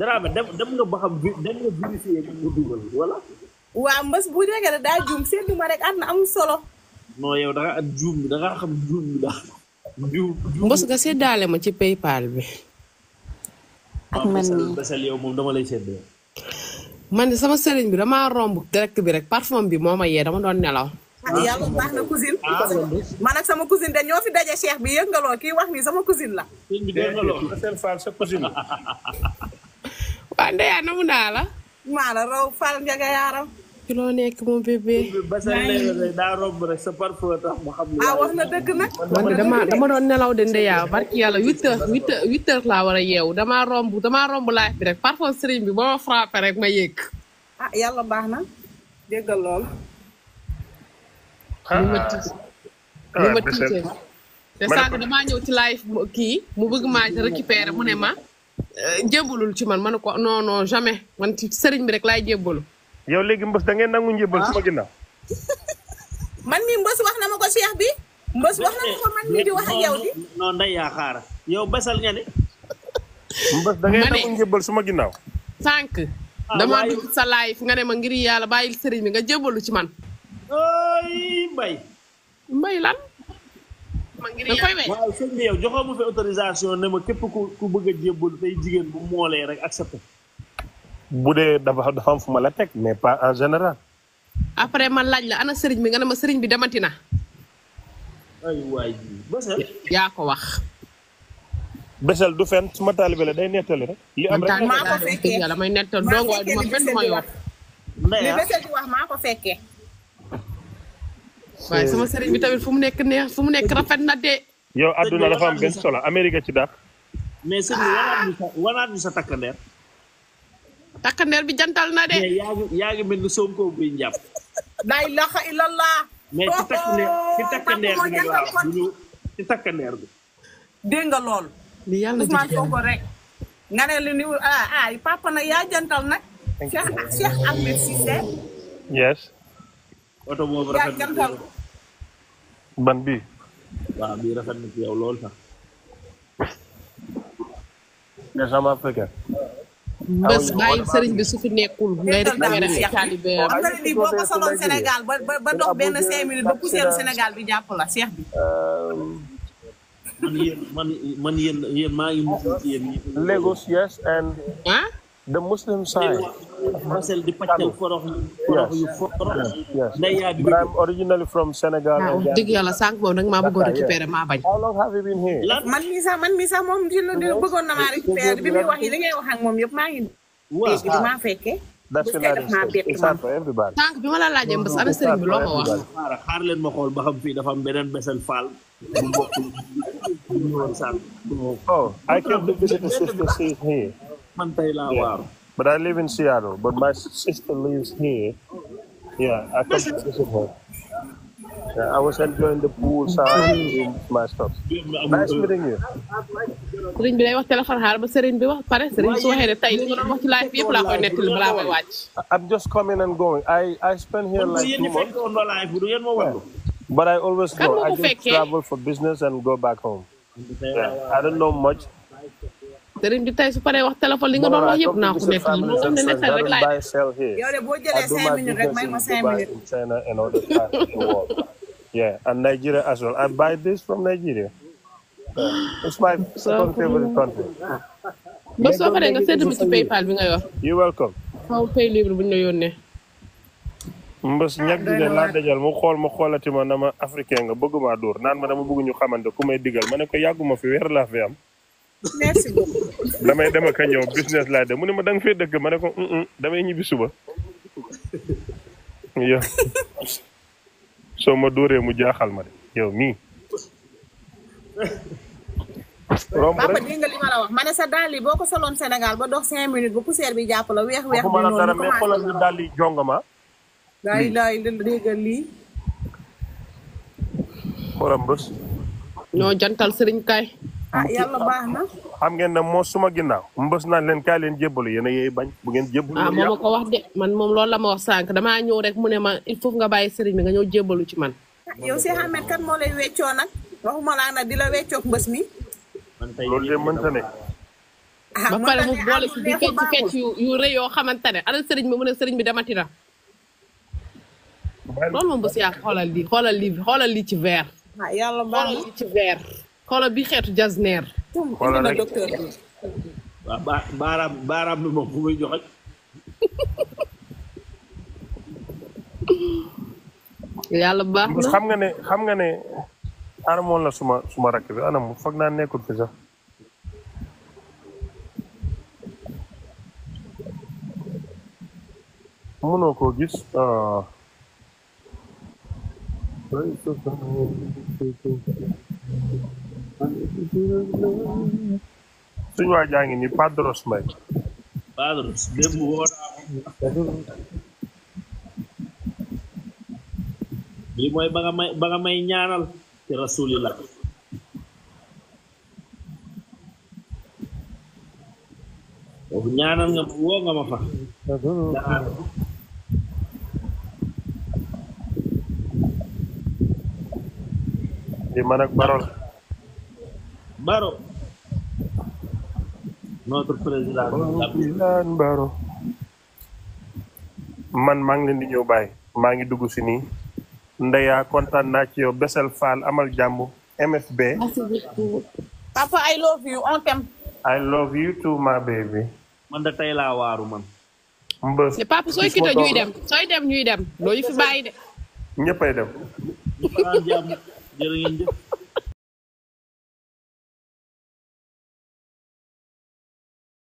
ba xam dem nga vérifier li mu dugal wala waaw mbës bu dégg ma rek at na am solo non yow da nga am juum bi da nga xam juum bi daal juum. nga seddaale ma ci paypal bi. ak man mii moom dama lay seddee. man ne sama sëriñ bi damaa romb direct bi rek parfum bi moo ma yee dama doon nelaw. yàlla baax na cousine man ak sama cousine de sama cousine la. waa ndeyaa yaaram. ci loo nekk moom bébé. daa sa parfum tax mu xam. ah dama dama doon nelaw de ndeyaa barki yàlla huit heures huit heures laa war a yeewu dama romb damaa romb live bi rek parfum sëriñ bi ba ma frappé rek ma yëg. Ah, yàlla baax na déggal lool. ah ma ah, tiitee te sànq damaa ñëw ci live kii mu bëgg maa récupérer mu ne ma euh, jébbalul ci man ma ne ko non non jamais man ci sëriñ bi rek laay jébbalu. yow léegi mbës da ngeen nangu njëbbal ah. sama ginnaaw. [laughs] man mi mbës wax na ma ko cheikh bi. mbës wax na ma ko man mi di wax ak yow di. non nday yaa xaar yow basal nga [laughs] ne. mbës da nangu njëbbal sama ginnaaw. sànq. Ah, dama dugg sa live nga ne ma ngir yàlla bàyyil sëriñ bi nga jébbalu ci man. ay mbay. lan. ma ngir yàlla waaw bi yow joxoo ma fi autorisation ne ma képp ku ku bëgg a jébbalu tey jigéen bu moolee rek accepté. bu dee dafa dafa am fu ma la teg mais pas en général. après ma laaj la ana sëriñ bi nga ne ma sëriñ bi demati na. yaa ko wax. Bessél du fen su ma la day nettali rek. li am rek maa ko fekkee waaye du sama sëriñ bi tamit fu mu nekk neex fu mu nekk rafet na de. yow àdduna dafa benn solo Amérique ci dàq. mais sëriñ takkandeer bi jantal na de. yaa ngi yaa ngi mel ni Sonko buy njàpp. la ilaha illallah. mais bi nag waaw du ñu ci takkandeer bi. lool. li yàlla rek. nga ne li ni ah ah papa nag yaa jantal nag. Cheikh Cheikh Ahmed Cissé. yes. oto boobu rafet na jantal ban bii. waaw bii rafet na ci yow lool sax. ne sama fekk. mbës bàyyi sëriñ bi su fi nekkul ngay def dafay def taalibe xam nga ni boo ko soloon Sénégal ba ba dox benn cinq minutes ba poussière Sénégal bi jàpp la seex bi man yéen man yéen maa ngi musul ci yéen Lagos yes and the Muslim side. Yes, yes. But I'm originally from Senegal. waaw dëgg yàlla sànq moom nag maa bëggoon récupérer maa bañ. How long have you been here? man man mii sax moom di la bëggoon na maa récupérer bi muy wax yi li ngay wax ak moom yëpp maa ngi dégg du maa fekkee. that's the last bi ma la a mbas ana sëriñ bi loo ko wax. xaar leen dafa am beneen besel faal. man tey laa waaru. But I live in Seattle, but my sister lives here. I come to visit I was enjoying the pool mm-hmm. side and my stuff. Nice meeting you. bi wax téléphone xaar ba sëriñ bi wax pare sëriñ su wax ci live bi yëpp laa koy nettali balaa koy wàcc. I'm coming and going. I I here like two months. But I always go. I just travel for business and go back home. I don't know much. sëriñ bi tey su paree wax téléphone li nga doon wax yëpp naa ko nekk li nga ne nekkal rek laay ma soo paree nga sedd mi ci PayPal bi nga yor you welcome yónnee mbës ah, ñag di leen laa dajal mu xool ma xoolati ma na ma africain nga bëgg maa dóor naan ma dama bëgg ñu xamante ku may digal ma ne ko yàgguma fi weer laa fi am merci beaucoup. damay dem ak business laa dem mu ne ma da nga fee dëkk ma ne ko damay ñibbi suba. yow soo ma dóoree mu jaaxal ma de yow mii. romb rek papa dégg ma la wax ma ne sa dàll yi boo ko soloon Sénégal ba dox cinq minutes ba poussière bi jàpp la weex weex. bi noonu dara mais xoolal ñu dàll jongama. daay daay déggal lii. ñoo jantal sëriñ kay. Ah, xam ngeen ne moo suma ginnaaw mbës naa leen kaay leen jébbalu yéen a yee bañ bu ngeen jébbalu. ah moom ma ko wax de man moom loolu la ma wax sànq damaa ñëw rek mu ne ma il faut nga bàyyi sëriñ bi nga ñëw jébbalu ci man. Ah, yow Cheikh ne. Ah, ba pare mu boole si di yu yu rëy yoo xamante sëriñ bi mu ne sëriñ bi demati na. loolu moom mbës yaa xool lii lii xoolal lii ci verre. lii ci verre. xoolal bi xeetu jasneer. xoolal baaraam baaraam bi moom [laughs] baax na xam nga ne xam nga ne suma suma rakk anam foog naa nekkul fi sax. mënoo gis. Ah. suñu waa jaa ngi nii Padros Mbay. Padros démb woo naa lii mooy ba nga may ñaanal ci rasulillah. ñaanal nga woo nga ma fa. di man ak Baro la. Baro. man maa ngi leen di ñëw bàyyi. maa ngi dugg si nii. Ndeya kontaan naa ci yow Bessel Fall amal jàmbu MFB. papa I love you on t'aime. I love you too my baby. man da tey laa waaru man. mbës ne papa sooy kita ñuy dem sooy dem ñuy dem doo fi bàyyi de. ñëppay dem.